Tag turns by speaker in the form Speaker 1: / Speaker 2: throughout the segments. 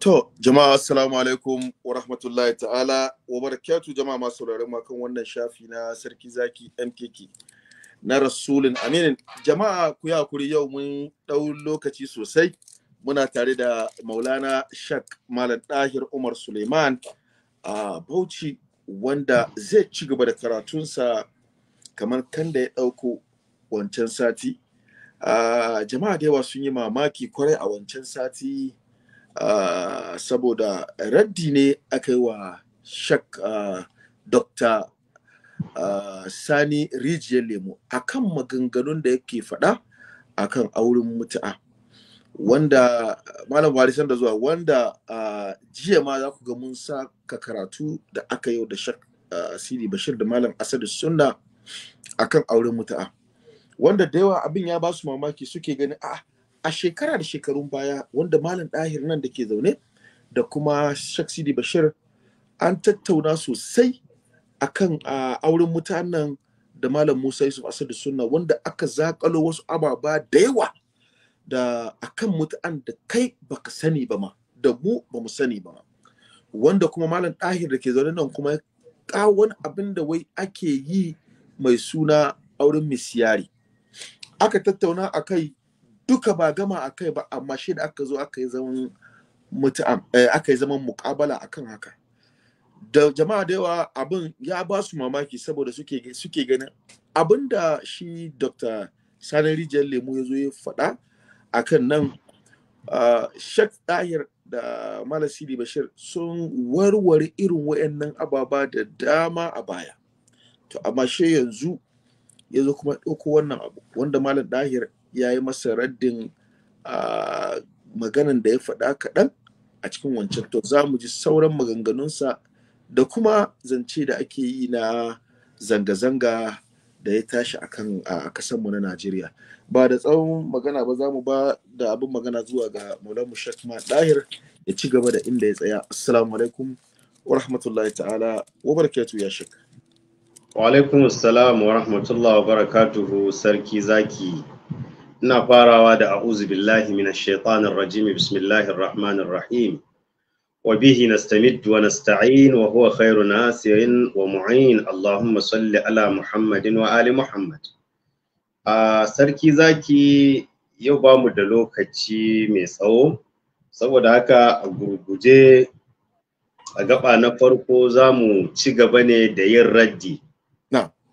Speaker 1: To, jama'a assalamu alaikum wa rahmatullahi ta'ala wa barakatu jama'a masu sauraron kan wannan shafi na sarki zaki MKK na rasulun aminin. Jama'a ku yi hakuri yau mun ɗau lokaci sosai muna tare da maulana shak malam ɗahir Umar Suleiman a Bauchi wanda zai ci gaba da karatunsa kamar kan da ya ɗauko wancan sati. Jama'a da yawa sun yi mamaki kwarai a wancan sati. Ah, saboda raddi ne aka yi wa shak ah, dr ah, sani rijiyar lemo akan maganganun da yake faɗa akan auren mutu'a wanda malam buhari sanda zuwa wanda jiya ma za ku ga mun ka karatu da aka yau da shak sidi bashir da malam asadu sunna akan auren mutu'a wanda da yawa abin ya ba su mamaki suke ganin A'a. a shekara da shekarun baya wanda malam ɗahir nan da ke zaune da kuma shaksidi bashir an tattauna sosai akan auren mutanen da malam musa yusuf asadu sunna wanda aka zaƙalo wasu ababa da yawa da akan mutan da kai baka sani ba ma da mu ba mu sani ba ma wanda kuma malam ɗahir da ke zaune nan kuma kawon abin da wai ake yi mai suna auren misiyari aka tattauna a kai duka ba gama a kai ba amma shi da aka zo aka yi zaman eh, aka yi zaman mukabala akan haka da jama'a da yawa abin ya ba su mamaki saboda suke suke ganin abin da shi dr sani rijiyar lemu ya zo ya faɗa akan nan shak Dahir da malasiri bashir sun warware irin wayannan ababa da dama a baya to amma shi yanzu ya zo kuma ɗauko wannan abu wanda malam Dahir. ya yi masa raddin maganan da ya faɗa kaɗan a cikin wancan to za mu ji sauran maganganunsa da kuma zance da ake yi na zanga-zanga da ya tashi akan a kasanmu na Najeriya. Ba da tsawon magana ba za mu ba da abin magana zuwa ga Maulamu ma. ɗahir ya ci gaba da inda ya tsaya. Assalamu alaikum wa rahmatullahi ta'ala wa barakatu
Speaker 2: ya Sheikh. Wa alaikum assalam wa rahmatullahi wa barakatuhu sarki zaki. ina farawa da a'uzu billahi minash shaitanir rajim bismillahir rahmanir rahim wa bihi nastamid wa nasta'in wa huwa khairu nasirin wa mu'in allahumma salli ala muhammadin wa ali muhammad a sarki zaki yau ba mu da lokaci mai tsawo saboda haka a gurguje a gaba na farko za mu ci gaba ne da yin raddi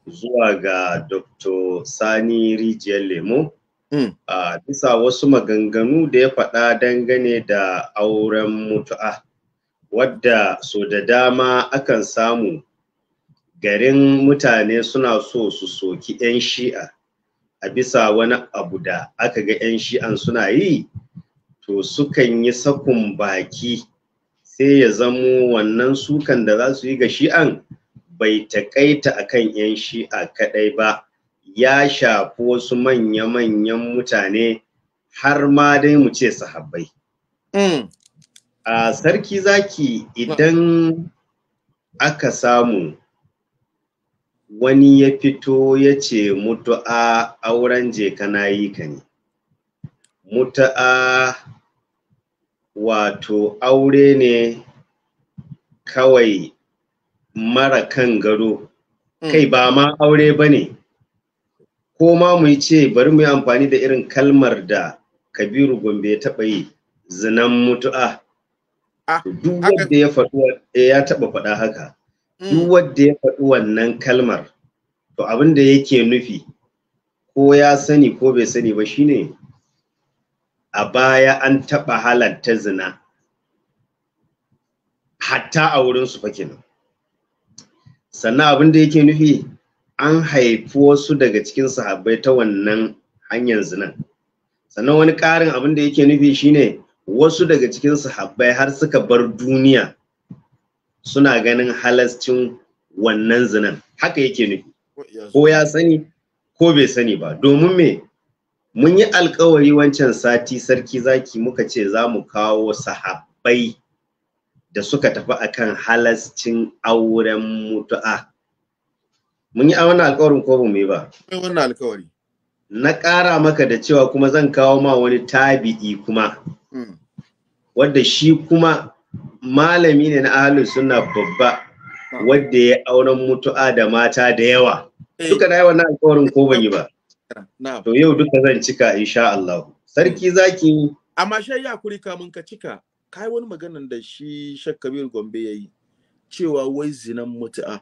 Speaker 2: zuwa ga dr sani rijiyar lemo Mm. a bisa wasu maganganu da ya faɗa dangane da auren mutu'a wadda so da dama akan samu garin mutane suna so su soki 'yan shi'a a bisa wani abu da aka ga 'yan shi'an suna yi to sukan yi sakun baki sai ya zamo wannan sukan da za su yi ga shi'an bai taƙaita a kan 'yan shi'a kaɗai ba ya shafi wasu manya-manyan mutane har ma dai mu ce sahabbai. Mm. A sarki zaki idan aka samu wani ya fito ya ce mutu'a auren jeka kana yi ka ne. Mutu'a wato aure ne kawai mara kan gado, mm. kai ba ma aure ba ne. ko ma mu ce bari mu yi amfani da irin kalmar da kabiru gombe ya taɓa yi zinan mutu'a ah, duk wanda ya faɗi eh, ya taɓa faɗa haka mm. duk wanda ya faɗi wannan kalmar to abin da yake nufi ko ya sani ko bai sani ba shine a baya an taɓa halatta zina hatta a wurin su fa sannan abin da yake nufi an haifi wasu daga cikin sahabbai ta wannan hanyar zinan sannan wani ƙarin abin da yake nufi shine wasu daga cikin sahabbai har suka bar duniya suna ganin halascin wannan zinan haka yake nufi ko ya sani ko bai sani ba domin me mun yi alkawari wancan sati sarki zaki muka ce za mu kawo sahabbai da suka tafi akan halascin auren mutu'a mun yi wannan alkawarin ko mu yi ba mun wannan alkawari na ƙara maka da cewa kuma zan kawo ma wani tabi'i kuma hmm. wadda shi kuma malami ne na ahalin suna babba ah. wadda ya auren mutu'a da mata da yawa eh. duka na yi wannan alkawarin ko ban yi ba to yau duka zan cika insha Allah sarki zaki
Speaker 1: amma shi ya kuri kamun ka cika kai wani maganan da shi Shakkabir Gombe yayi cewa wai zinan mutu'a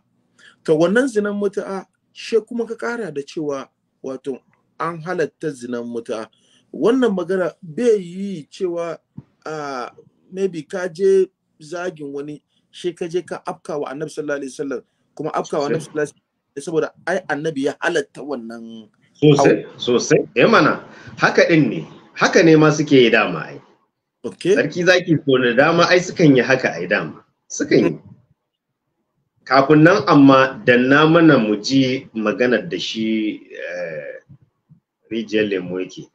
Speaker 1: to wannan zinan mutu'a she kuma ka kara da cewa wato an halatta zinan mutu'a wannan magana bai yi cewa a maybe ka je zagin wani she ka je ka afkawa annabi sallallahu alaihi wasallam kuma afkawa annabi sallallahu alaihi wasallam saboda ai annabi ya halatta wannan
Speaker 2: sosai sosai eh mana haka din ne haka ne ma suke yi dama ai okay sarki zaki so da dama ai sukan yi haka ai dama sukan yi kafin nan amma da na mana mu ji maganar da shi eh, rijiyar lemo yake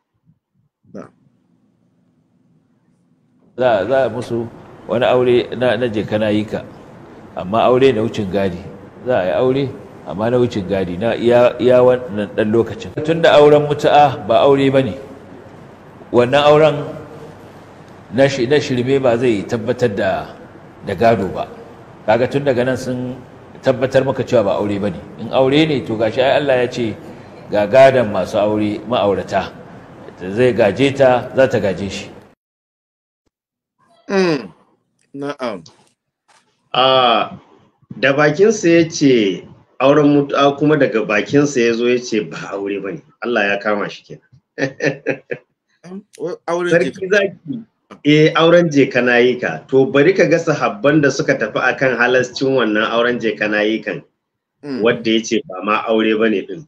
Speaker 2: za
Speaker 3: a musu wani aure na jeka na yi ka amma aure na wucin gadi za a yi aure amma na wucin gadi na iya wannan ɗan lokacin tun da auren mutu'a ba aure ba ne wannan auren na shirme ba zai tabbatar da gado ba kaga tun daga nan sun tabbatar maka cewa ba aure bane in aure ne to gashi ai Allah ya ce ga gadan masu aure ma'aurata zai gaje ta za ta gaje shi
Speaker 2: hmm, na'am a da bakinsa ya ce auren mutuwa kuma daga bakinsa ya zo ya ce ba aure bane Allah ya kama shi kenan
Speaker 1: aure
Speaker 2: ne eh auren je na yi ka to bari ka ga sahabban da suka tafi akan halascin wannan auren je na yi kan hmm. wadda ya ce ba ma aure ba ne din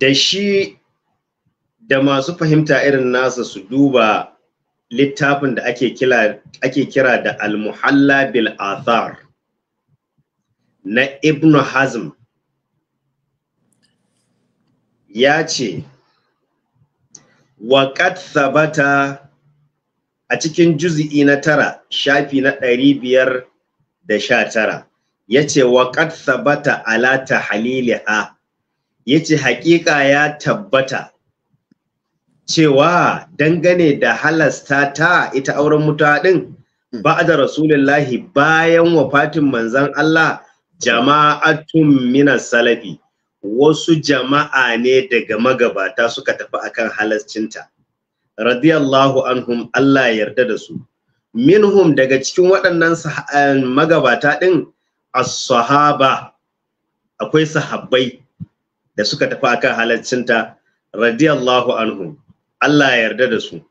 Speaker 2: da shi da masu fahimta irin nasa su duba littafin da ake kira da Almuhalla muhalla bil athar na ibnu hazm ya ce wa sabata a cikin juz'i na tara shafi na ɗari biyar da sha tara ya ce wa qad sabata ala tahliliha ya ce haƙiƙa ya tabbata cewa dangane da halasta ta ita auren mutuwa ɗin hmm. ba da rasulullahi bayan wafatin manzan Allah jama'atun minas salafi wasu jama'a ne daga magabata suka tafi akan halascinta radiyallahu anhum Allah ya yarda da su minhum daga cikin waɗannan eh, magabata ɗin as-sahaba akwai sahabbai da suka tafi akan halaccinta radiyallahu anhum Allah ya yarda da su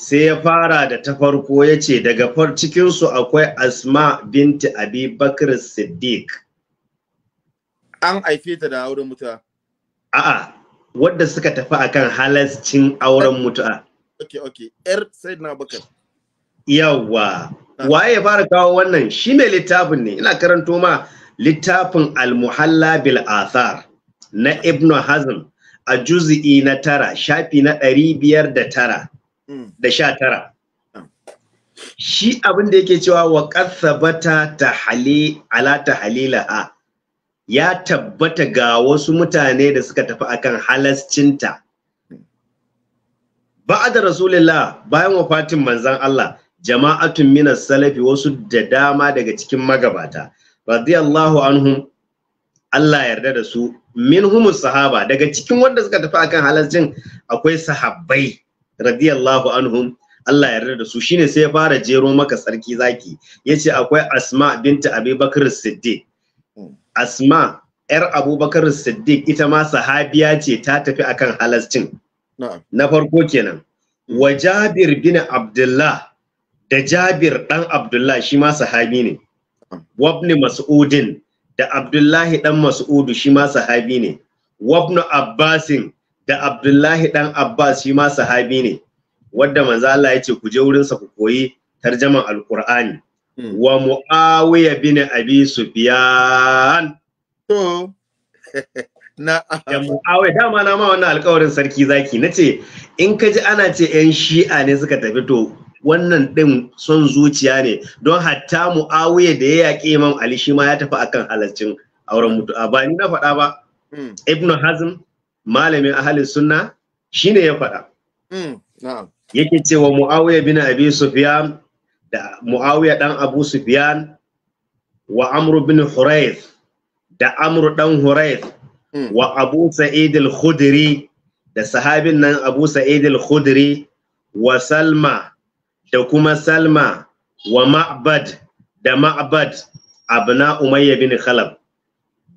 Speaker 2: sai ya fara da ta farko ya ce daga cikinsu akwai asma binti abi bakr siddiq
Speaker 1: an haife ta da auren mutuwa?
Speaker 2: a'a wadda suka tafi akan halascin auren mutuwa.
Speaker 1: okay yar
Speaker 2: yawa ah. waye ya fara kawo wannan shi mai littafin ne ina karanto ma littafin al-muhalla bil athar na ibnu hazm a juzi'i na tara shafi na ɗari biyar da tara hmm. da sha tara ah. shi abin da yake cewa wa bata ta hali ala ta ya tabbata ga wasu mutane da suka tafi akan halascinta da rasulullah bayan wafatin manzon Allah jama'atun minas salafi wasu da dama daga cikin magabata radiyallahu anhum Allah yarda da su minhumus sahaba daga cikin wanda suka tafi akan halascin akwai sahabbai radiyallahu anhum Allah yarda da su shine sai ya fara jero maka sarki zaki yace akwai Asma binta Abi Bakr Siddiq asma yar abubakar siddiq ita ma sahabiya ce ta tafi akan halarcin, na farko kenan mm. wa jabir bin abdullah da jabir dan abdullah shi ma sahabi ne wabni mas'udin da abdullahi dan mas'udu shi ma sahabi ne wabnu abbasin da abdullahi dan abbas shi ma sahabi ne wadda manzo Allah ya ce ku je wurinsa ku koyi tarjaman alqur'ani Hmm. wa mu'awiya bin abi sufyan to na ya mu'awiya dama na ma wannan alƙawarin sarki zaki nace in ka ji ana ce yan shi'a ne suka tafi to wannan din son zuciya ne don hatta mu'awiya da ya yaƙi imam ali shi ma ya tafi akan halaccin auren mutu ba ni na faɗa ba hmm. ibnu hazm malamin ahalin sunna shine ya faɗa hmm. yake cewa mu'awiya bin abi sufyan da muawiya dan abu sufyan wa amr bin hurayth da amr dan hurayth hmm. wa abu sa'id al-khudri da sahabin nan abu sa'id al-khudri wa salma da kuma salma wa ma'bad da ma'bad abna umayya bin khalab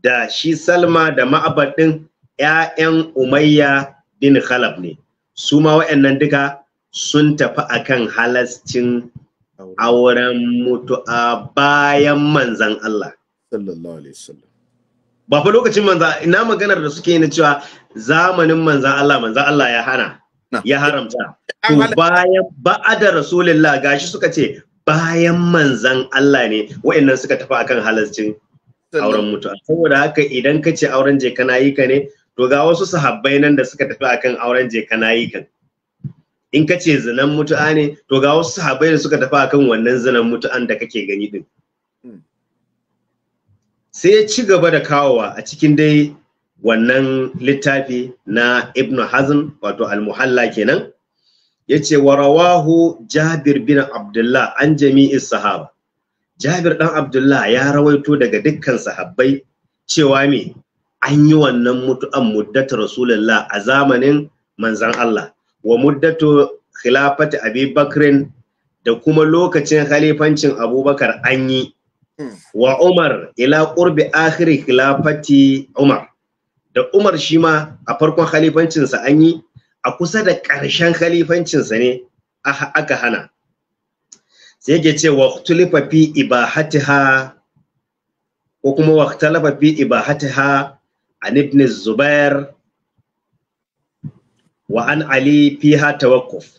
Speaker 2: da shi salma da ma'bad din ƴaƴan umayya bin khalab ne su ma waɗannan duka sun tafi akan halascin auren mutu'a bayan manzan Allah sallallahu alaihi wasallam ba fa lokacin manza ina maganar da suke na cewa zamanin manzan Allah manzan Allah ya hana ya haramta to bayan ba'ada rasulullah gashi suka ce bayan manzan Allah ne wa'annan suka tafi akan halascin auren mutu'a saboda haka idan ka ce auren je kana yi ka ne to ga wasu sahabbai nan da suka tafi akan auren je kana yi kan in ka ce zinan mutu'a ne to ga wasu sahabai da suka tafi akan wannan zinan mutu'an da kake gani din hmm. sai ya ci gaba da kawowa a cikin dai wannan littafi na ibn hazm wato al kenan ya ce wa rawahu jabir bin abdullah an jami'i sahaba jabir dan abdullah ya rawaito daga dukkan sahabbai cewa me an yi wannan mutu'an muddat rasulullah a zamanin manzan Allah wa muddatu khilafati abi bakrin da kuma lokacin khalifancin abubakar an yi hmm. wa umar ila qurbi akhiri khilafati umar da umar shi ma a farkon khalifancinsa an yi a kusa da ƙarshen khalifancinsa ne aka hana sai yake ce wa tulifa fi ibahatiha ko kuma wa talafa fi ibahatiha an ibn zubair Wa'an an ali fiha tawakkuf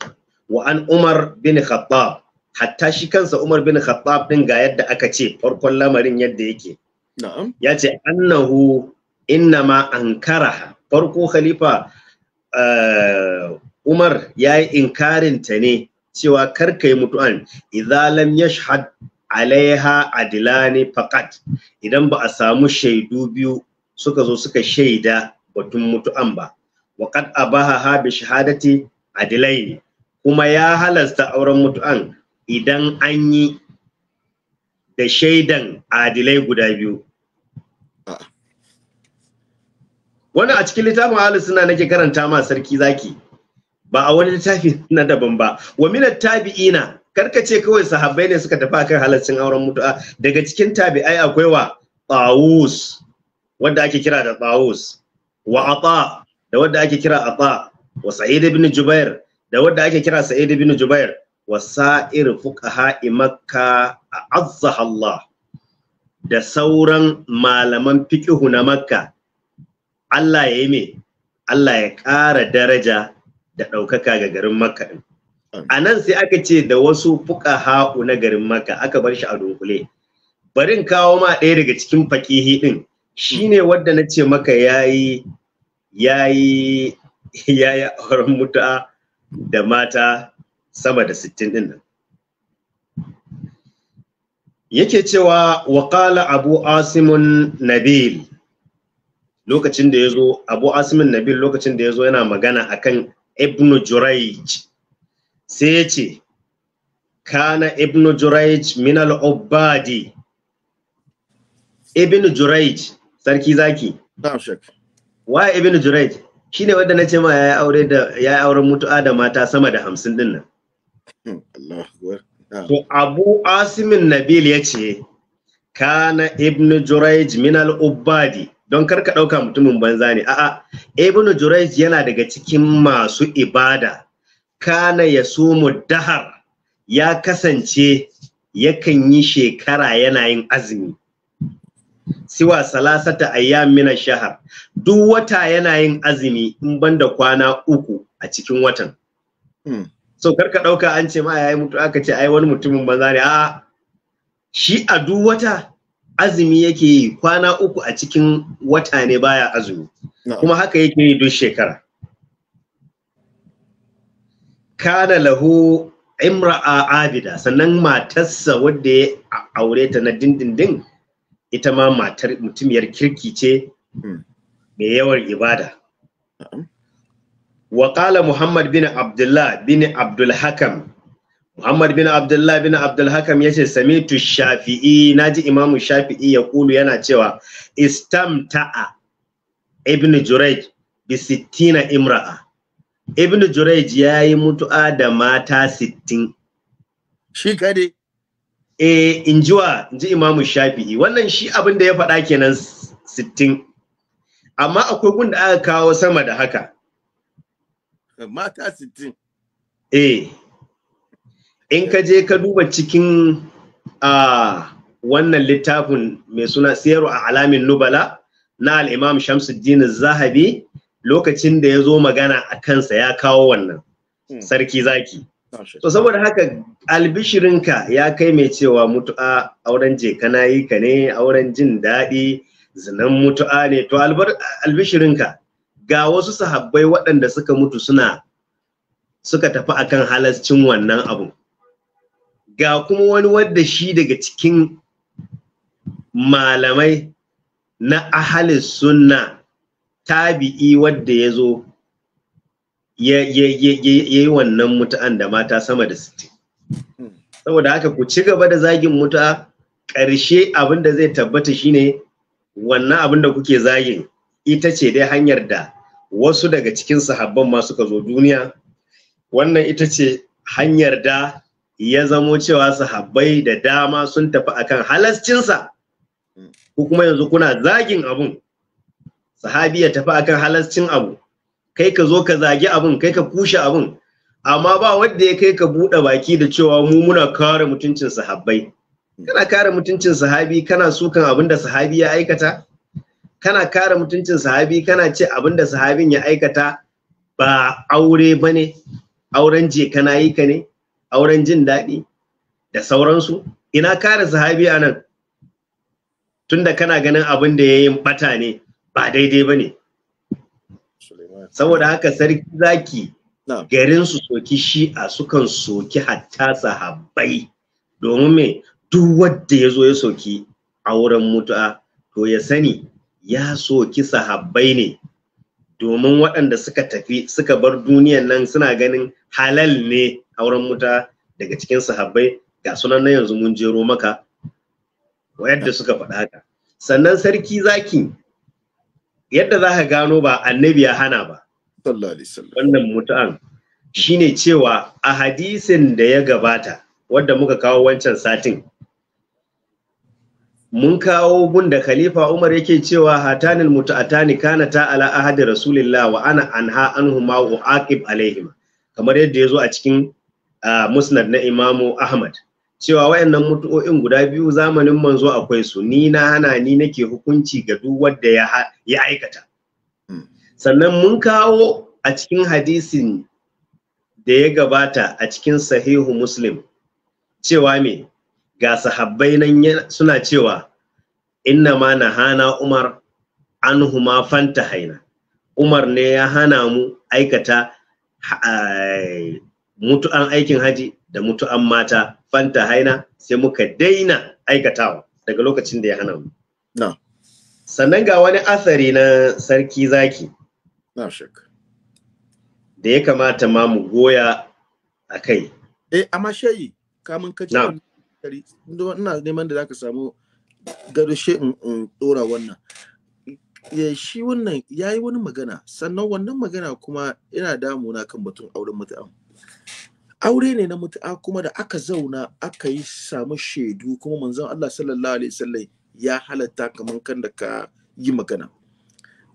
Speaker 2: wa umar bin khattab hatta shi kansa umar bin khattab din ga yadda aka ce farkon lamarin yadda yake ya ce annahu innama ankaraha farko khalifa eh, umar ya yi inkarinta ne cewa karka yi mutu'an idza lam yashhad alaiha adilani faqat idan ba a samu shaidu biyu suka zo suka shaida batun mutu'an ba wa qad abaha bi shahadati kuma ya halasta auren mutu'an idan an yi da shaidan adilai guda biyu wannan a cikin littafin ahlus sunna nake karanta ma sarki zaki ba a wani littafi na daban ba wa min tabi'ina karka ce kawai sahabbai ne suka tafi akan halaccin auren mutu'a daga cikin tabi'ai akwai wa tawus wanda ake kira da tawus wa ata da wadda ake kira Atha wa Sa'id ibn Jubair da wadda ake kira Sa'id ibn Jubair wa sa'ir fuqaha Makka azza Allah da sauran malaman fiqhu na Makka Allah ya yi me Allah ya ƙara daraja da ɗaukaka ga garin Makka din a nan sai aka ce da wasu fuqaha na garin Makka aka bar shi a dunkule barin kawo ma ɗaya daga cikin fakihi din shine wanda na ce maka yayi ya yi auren muta da mata sama da sittin din nan yake cewa waƙala abu asimun nabil lokacin da ya zo abu asimun nabil lokacin da ya zo yana magana akan ibnu juraij sai ya ce kana ibnu juraij min al-ubbadi ibnu juraij sarki zaki wa ibn jurayj shine wanda nace ma yayi aure da yayi auren mutu'a ah, da mata sama da hamsin din nan hmm, to abu asimin nabil yace kana ibn jurayj min al ubadi don ka dauka mutumin banza ne a'a ibn jurayj yana daga cikin masu ibada kana yasumu dahar ya kasance yakan yi shekara yana yin azumi siwa salasata ayyam min shahar duk wata yana yin azumi in banda kwana uku a cikin watan hmm. so karka dauka an ce ma yayi mutu aka ce ai wani mutumin banza ne a shi a duk wata azumi yake yi kwana uku a cikin wata ne baya azumi kuma haka yake yi duk shekara kana lahu imra'a abida sannan matarsa wadda ya aure ta na dindindin ita ma matar mutumiyar kirki ce hmm. mai yawan ibada wa muhammad bin abdullah bin abdul muhammad bin abdullah bin ya ce yace tu shafi'i na ji imamu shafi'i ya kulu yana cewa istam ta'a. ibn Jurej, bisittina imra'a ibn ya yi mutu'a da mata sittin shi kade E in ji in ji imamu shafi'i wannan shi abin da ya faɗa kenan sittin amma akwai gun da aka kawo sama da haka
Speaker 1: mata sittin
Speaker 2: eh in ka je ka duba cikin a wannan littafin mai suna siyaru a alamin nubala na al'imam shamsuddin zahabi lokacin da ya zo magana a kansa ya kawo wannan hmm. sarki zaki To saboda haka albishirinka ya kai mai cewa mutu'a auren jeka na yi ka ne auren jin daɗi zinan mutu'a ne to albishirinka ga wasu sahabbai waɗanda suka mutu suna suka tafi akan halascin wannan abu ga kuma wani wadda shi daga cikin malamai na ahalis sunna tabi'i wadda ya zo ya yi wannan mutu'an da mata sama da sittin saboda haka ku ci gaba da zagin mutu'a ƙarshe abin da zai tabbata shine wannan abin da kuke zagin ita ce dai hanyar da wasu daga cikin sahabban ma suka zo duniya wannan ita ce hanyar da ya zamo cewa sahabbai da dama sun tafi akan halascinsa ko kuma yanzu kuna zagin abun sahabi ya tafi akan halascin abu kai ka zo ka zagi abin kai ka kushe abin amma ba wanda ya kai ka buɗe baki da cewa mu muna kare mutuncin sahabbai kana kare mutuncin sahabi kana sukan abin da sahabi ya aikata kana kare mutuncin sahabi kana ce abin da sahabin ya aikata ba aure ba ne auren je kana yi ka ne auren jin daɗi da sauransu ina kare sahabi a nan tunda kana ganin abin da ya yi ne ba daidai ba ne saboda haka sarki zaki garin su soki shi'a sukan soki hatta sahabbai domin me duk wanda ya zo ya soki a wurin mutu'a to ya sani ya soki sahabbai ne domin waɗanda suka tafi suka bar duniyan nan suna ganin halal ne a wurin mutu'a daga cikin sahabbai ga sunan na yanzu mun jero maka yadda suka faɗa haka sannan sarki zaki yadda za ka gano ba annabi ya hana ba wannan mutu'an shine cewa a hadisin da ya gabata wadda muka kawo wancan satin mun kawo gun khalifa umar yake cewa hatanil mutu'atani kana ta ala ahadi rasulillah wa ana anha anhuma wa aqib alaihima kamar yadda ya zo a cikin musnad na imamu ahmad cewa wayannan mutu'o'in guda biyu zamanin manzo akwai su ni na hana ni nake hukunci ga duk wanda ya aikata sannan mun kawo a cikin hadisin da ya gabata a cikin sahihu muslim cewa me ga sahabbai nan suna cewa inna ma na hana umar an fanta haina umar ne ya hana mu aikata eh, mutu'an aikin haji da mutu'an mata fanta haina sai muka daina aikatawa daga lokacin da ya hana mu sannan ga wani asari na sarki zaki na da ya kamata ma mu goya a kai
Speaker 1: eh amma shayi kamun ka ina neman da zaka samu gado shi in dora wannan ya eh, shi wannan ya wani magana sannan wannan magana kuma yana damuna kan batun auren mutu'a aure ne na mutu'a kuma da aka zauna aka yi samu shaidu kuma manzon Allah sallallahu alaihi wasallam ya halatta kamar kan da ka yi magana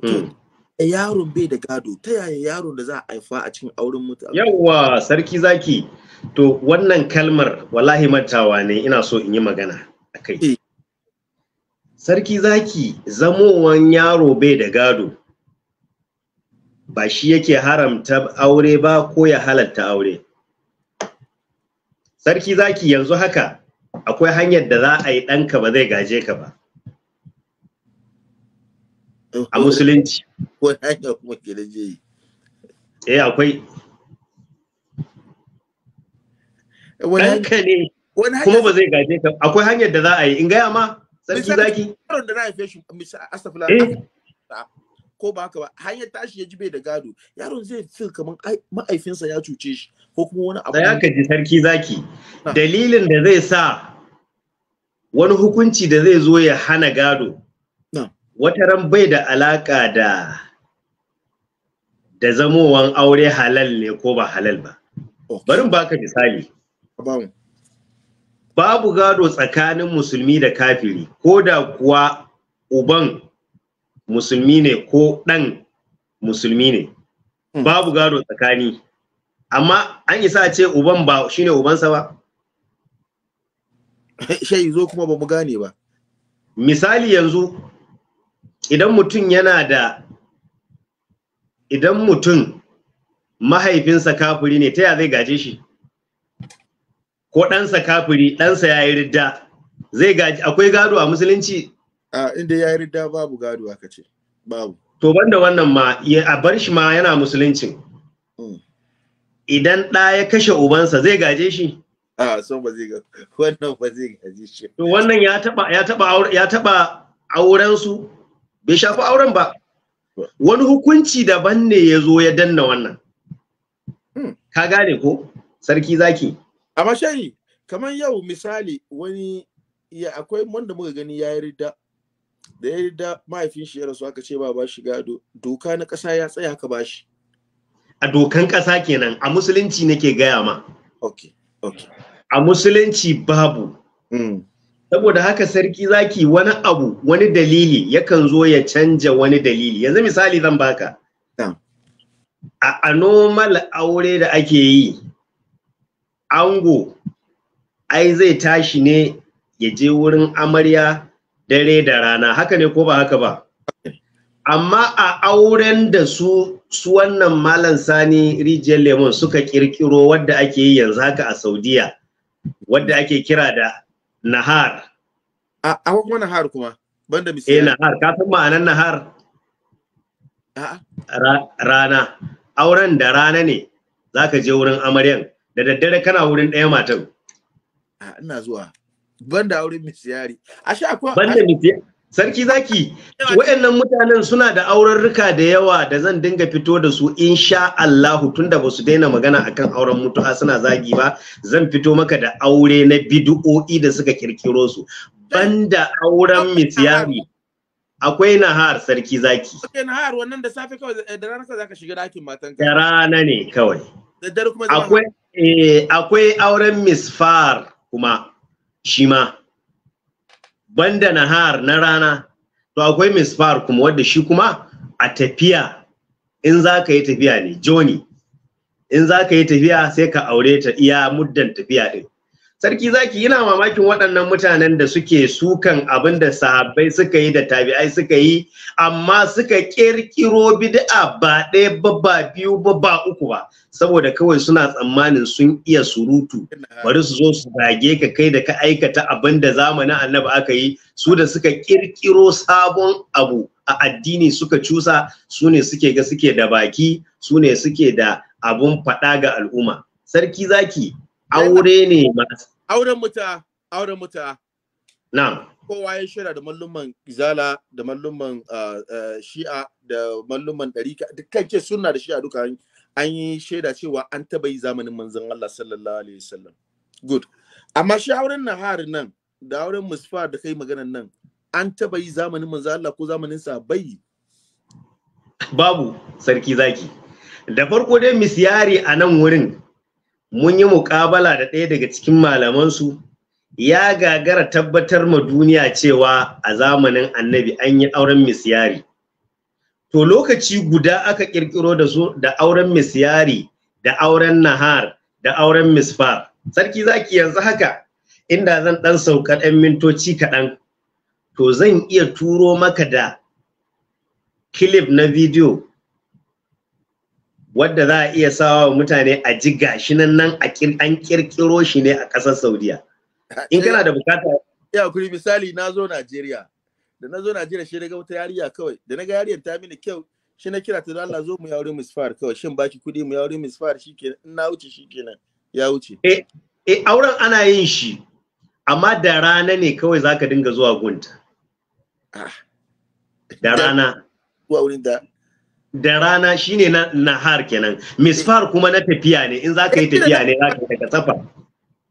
Speaker 1: hmm. yaron bai da gado ta yaya yaron da za a haifa a cikin auren mutane
Speaker 2: yawwa sarki zaki to wannan kalmar wallahi mantawa ne ina so in yi magana a kai. Eh. sarki zaki zamowan yaro bai da gado ba shi yake haramta aure ba ko ya halatta aure sarki zaki yanzu haka akwai hanyar da za a yi ɗanka ba zai gaje ka ba a eh, eh. musulunci wani hanya kuma ke da je yi eh akwai ɗanka ne kuma ba zai gaje ka akwai hanyar da za a yi in gaya ma sarki zaki
Speaker 1: yaron da na haife shi asafila eh. ko ba haka ba hanyar tashi ya ji bai da gado yaron zai fil kamar ma'aifinsa ya cuce shi ko kuma wani
Speaker 2: abu da ka ji sarki zaki ah. dalilin da zai sa wani hukunci da zai zo ya hana gado ah. wata ran bai da alaka da da zamowan aure halal ne ko ba halal ba barin baka misali babu gado tsakanin musulmi da kafiri ko da kuwa uban musulmi ne ko ɗan musulmi ne hmm. babu gado tsakani amma an isa ce uban ba shine ubansa ba shai zo kuma ba mu gane ba misali yanzu idan mutum yana da idan mutum mahaifinsa kafiri ne ta ya zai gaje shi ko ɗansa kafiri ɗansa ya yi ridda zai gaji akwai gado a musulunci
Speaker 1: a inda ya yi ridda babu gado aka ce
Speaker 2: babu to banda wannan ma a bar shi ma yana musuluncin mm. idan ɗa ya kashe ubansa zai gaje shi a so ba zai wannan ba zai gaje shi to wannan ya taba ya ya bai shafi auren ba wani hukunci daban ne ya zo ya danna wannan hmm. ka gane ko sarki zaki amma shayi
Speaker 1: kamar yau misali wani ya akwai wanda muka gani ya yi rida da ya yi rida mahaifin shi ya rasu aka ce ba ba shi gado doka na ƙasa ya tsaya
Speaker 2: ka ba shi a dokan ƙasa kenan a musulunci nake gaya ma okay okay a musulunci babu hmm. saboda haka sarki zaki wani abu wani dalili yakan zo ya canja wani dalili yanzu misali zan baka a normal aure da ake yi ango ai zai tashi ne ya je wurin amarya dare da rana haka ne ko ba haka ba amma a auren da su su wannan malam sani rijiyar lemon suka kirkiro wadda ake yi yanzu haka a saudiya wadda ake kira da nahar a kuma nahar kuma banda misali eh nahar ka san ma'anar nahar rana auren da rana ne zaka je wurin amaryan da daddare kana wurin ɗaya matan ina zuwa banda auren misiyari
Speaker 1: ashe akwai banda
Speaker 2: misiyari Sarki zaki, wa'annan mutanen suna da aurarruka da yawa da zan dinga fito da su insha Allahu tunda ba su daina magana akan auren mutuwa suna zagi ba, zan fito maka da aure na bid'u'o'i da suka kirkiro su. Banda auren misyari. Akwai nahar sarki zaki.
Speaker 1: Akwai nahar wannan da safe kawai eh, da rana ka zaka shiga ɗakin matan ka
Speaker 2: rana ne kawai. akwai eh, akwai auren misfar kuma shi ma. banda nahar na rana to akwai misfar kuma wadda shi kuma a tafiya in za ka yi tafiya ne joni in za ka yi tafiya sai ka aure ta iya muddan tafiya din sarki zaki yana mamakin waɗannan mutanen da suke sukan abin da sahabbai suka yi da tabi'ai suka yi amma suka ƙirƙiro bid'a ba ɗaya ba biyu ba ba uku ba saboda kawai suna tsammanin sun iya surutu bari su zo su zage ka kai da ka aikata abin da zamanin annabi aka yi su da suka ƙirƙiro sabon abu a addini suka cusa su ne suke ga suke da baki su ne suke da abun faɗa ga al'umma sarki zaki aure ne
Speaker 1: auren muta auren muta na'am kowa ya shira da malluman izala da malluman uh, uh, shi'a da malluman ɗarika dukkan ce sunna da shi'a duka an yi shaida cewa an taba yi zamanin manzon Allah sallallahu alaihi wasallam good amma shi auren nahar nan da auren musfa da kai maganan nan
Speaker 2: an taba yi zamanin manzon Allah ko zamanin sa bai babu sarki zaki da farko dai misyari a nan wurin mun yi muƙabala da ɗaya daga cikin malamansu ya gagara tabbatar ma duniya cewa a zamanin annabi an yi auren misiyari to lokaci guda aka kirkiro da su da auren misiyari da auren nahar da auren misfar sarki zaki yanzu haka inda zan dan sauka ɗan mintoci kaɗan to zan iya turo maka da kilif na bidiyo wadda za a iya sawa wa mutane a ji gashi nan nan an kirkiro shi ne a ƙasar saudiya in kana da bukata
Speaker 1: ya kuri misali na zo najeriya da na zo najeriya shi daga wata yariya kawai da na ga yariyar ta mini kyau shi na kira ta da Allah zo mu
Speaker 2: yaure miss far kawai shin baki kuɗi mu yaure miss far shikenan in na wuce shikenan ya wuce eh eh auren ana yin shi amma da rana ne kawai zaka dinga zuwa gunta ah. da rana wa wurin da da rana shine na nahar kenan misfar kuma na tafiya ne in zaka yi eh, tafiya ne zaka yi safa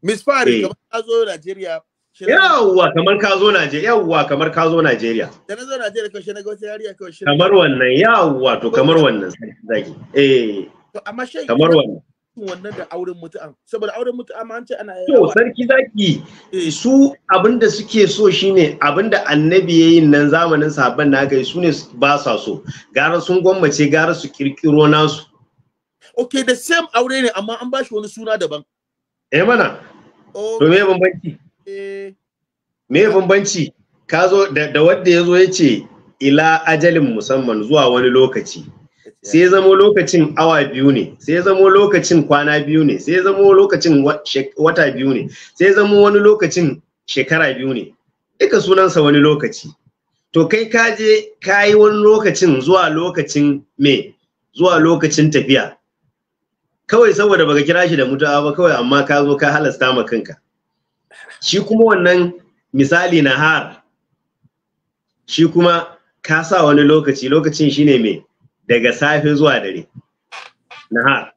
Speaker 2: misfar eh. kamar
Speaker 1: ka zo Najeriya yawwa
Speaker 2: kamar ka zo Najeriya yawwa kamar ka zo Najeriya
Speaker 1: da na zo Najeriya kawai na ga wata yariya kawai kamar wannan
Speaker 2: yawwa to kamar wannan zaki eh
Speaker 1: to amma kamar wannan wannan da auren mutu'an saboda auren mutu'an ma an ce
Speaker 2: ana to sarki zaki eh. su abinda suke so shine abinda annabi yayin nan zamanin sahabban na gai su ne ba sa so gara sun gwammace gara su kirkiro nasu okay the same aure ne amma an ba shi wani suna daban eh mana to me bambanci eh. me bambanci ka zo da wanda ya zo ya ce ila ajalin musamman zuwa wani lokaci sai zamo lokacin awa biyu ne sai zamo lokacin kwana biyu ne sai zamo lokacin wata biyu ne sai zamo wani lokacin shekara biyu ne duka sunansa wani lokaci to kai ka je ka yi wani lokacin zuwa lokacin me zuwa lokacin tafiya kawai saboda baka kira shi da mutuwa ba kawai amma ka zo ka halasta ma kanka shi kuma wannan misali na har shi kuma ka sa wani lokaci lokacin shine me daga safe zuwa dare nahar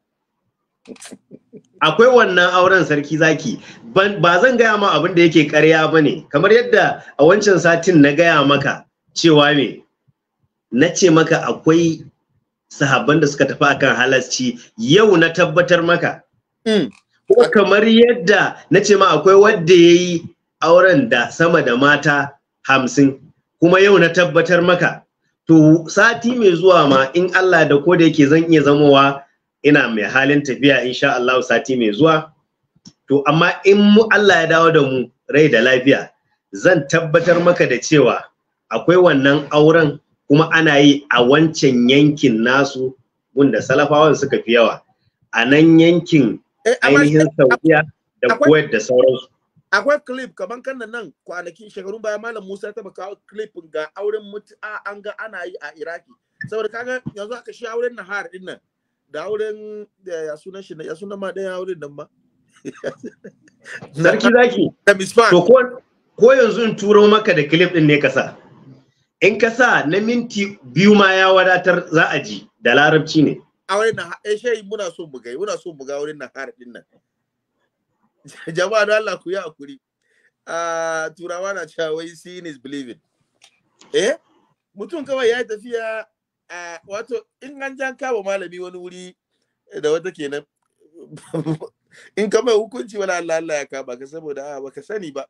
Speaker 2: akwai wannan auren sarki zaki ba zan gaya ma abin da yake ƙarya ba ne kamar yadda a wancan satin na gaya maka cewa me na ce maka akwai sahabban da suka tafi akan halarci, yau na tabbatar maka hmm. ko kamar yadda na ce ma akwai wanda ya yi auren da sama da mata hamsin kuma yau na tabbatar maka to sati mai zuwa ma in Allah da ko da yake zan iya zamowa ina mai halin tafiya insha Allah sati mai zuwa to amma in mu Allah ya dawo da mu rai da lafiya zan tabbatar maka da cewa akwai wannan auren kuma ana yi a wancan yankin nasu wanda salafawan suka fi yawa a nan yankin eh, ainihin saudiya da kuwait da sauransu
Speaker 1: akwai clip kaman kan nan kwanakin shekarun baya malam Musa ta baka clip ga auren mutu'a an ga ana yi a Iraki saboda kaga yanzu aka shi auren Nahar din nan da auren ya sunan shi ya sunan ma ɗaya auren nan ba
Speaker 2: sarki zaki to ko ko yanzu in turo maka da clip din ne ka sa in ka sa na minti biyu ma ya wadatar za a ji da larabci ne auren Nahar eh shey muna so mu muna so mu ga auren Nahar din nan
Speaker 1: jama'a don Allah ku yi hakuri ah, turawa na cewa wai seeing is believing eh mutum kawai ya yi tafiya a wato in an jan kawo malami wani wuri da wata kenan in ka mai hukunci wala Allah Allah ya kama ka saboda ah, ba ka sani ba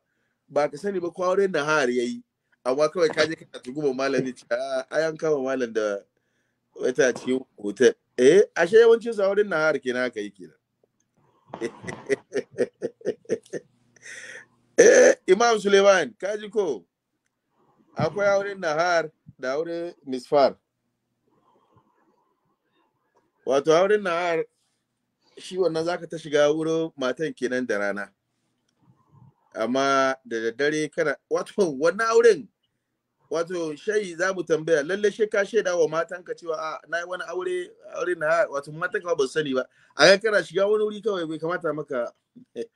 Speaker 1: ba ka sani ba kwarin da har yayi amma kawai ka je kana tuguma malami a ah, yan kawo malam da wata cikin hotel eh ashe yawancin sa wurin na har kenan haka yi kenan eh imam suleiman kaji ko akwai auren nahar da auren misfar wato auren nahar shi wannan zaka ta shiga wuro matan kenan da rana amma da daddare kana wato wannan auren wato shayi za mu tambaya lalle shi ka shaida wa matanka cewa a ah, na yi wani aure aure na wato matanka ba su sani ba a ga kana shiga wani wuri kawai bai kamata maka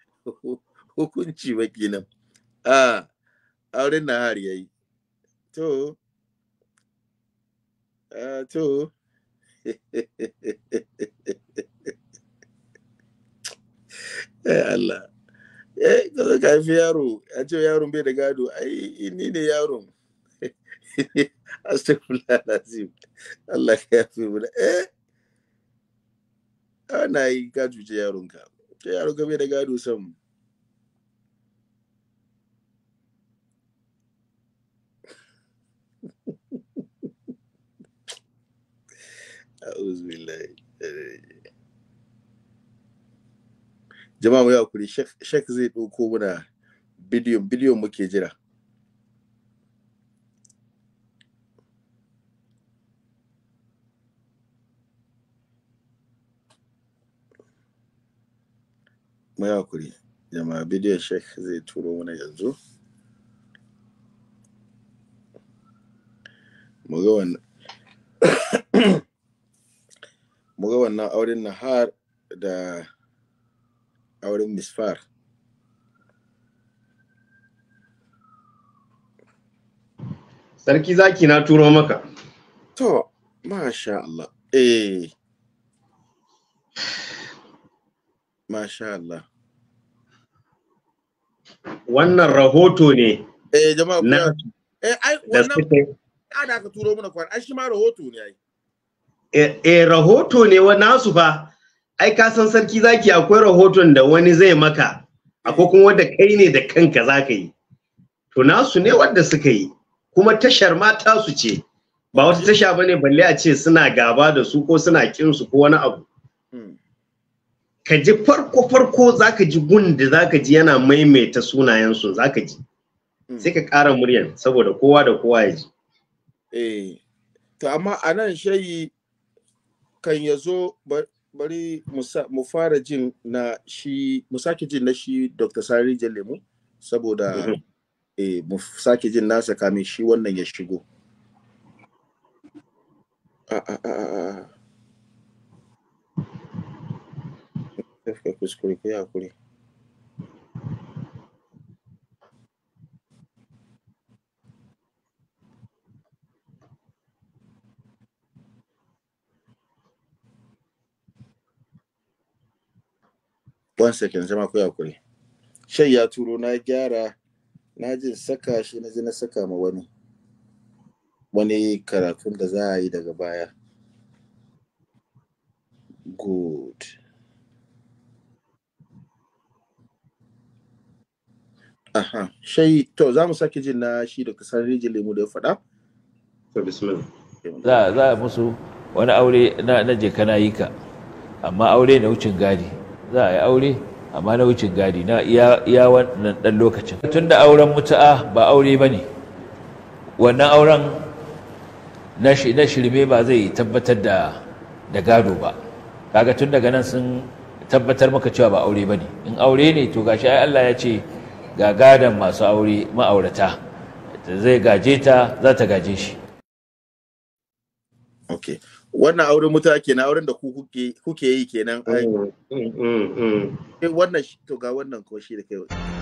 Speaker 1: hukunci ba kenan a ah, aure na har yayi to ah, to eh, Allah eh ka yaro a ce yaron bai da gado ai ni ne yaron astagfirullah lazim Allah ka yafe eh? yaronka yaronka bai da gado jama'a mu ya kuri shek zai ɗauko muna biliyon muke jira mai hakuri jama'a bidiyon shek zai turo mana yanzu mu ga wannan auren nahar da auren misfar
Speaker 2: sarki zaki na turo maka to masha Allah
Speaker 1: eh Masha Allah.
Speaker 2: Wannan rahoto ne. Eh, jama'a eh, ai, wannan
Speaker 1: ah, turo mana kwan, ai shi rahoto ne ai.
Speaker 2: Eh, eh, rahoto ne wa nasu fa. Ai ka san sarki zaki akwai rahoton da wani zai maka. Akwai kuma wanda kai ne da kanka ka yi. To nasu ne wanda suka yi. Kuma tashar ma tasu ce. Ba wata tasha bane balle a ce suna gaba da su ko suna ƙinsu ko wani abu. Hmm. ka ji farko farko ka ji gun da zaka ji yana maimaita sunayen su zaka ji hmm. sai ka ƙara muryan saboda kowa da kowa ya ji
Speaker 1: eh to amma
Speaker 2: anan shayi
Speaker 1: kan ya zo bari mu fara jin na shi mu sake jin na shi dr sari jalemu saboda mhm. eh, mu sake jin nasa kamin shi wannan ya shigo a a a sai kai kuskure kai hakuri one second zama ku hakuri shai ya turo na gyara na jin saka shi na ji na saka ma wani wani karatun da za a yi daga baya good Aha, shai to za mu sake jin na shi da kasar rijin lemu da ya
Speaker 2: faɗa?
Speaker 3: Za za musu wani aure na na je kana yi ka amma aure na wucin gadi za a yi aure amma na wucin gadi na iya wannan dan lokacin tun da auren mutu'a ba aure ba ne wannan auren na shirme ba zai tabbatar da da gado ba kaga tun daga nan sun tabbatar maka cewa ba aure ba ne in aure ne to gashi ai Allah ya ce ga gadon masu aure ma'aurata zai gaje ta za ta gaje shi okay
Speaker 1: wannan auren mutuwa kenan auren da kuke yi kenan mm, mm, mm, eh, wannan to ga wannan ko da kai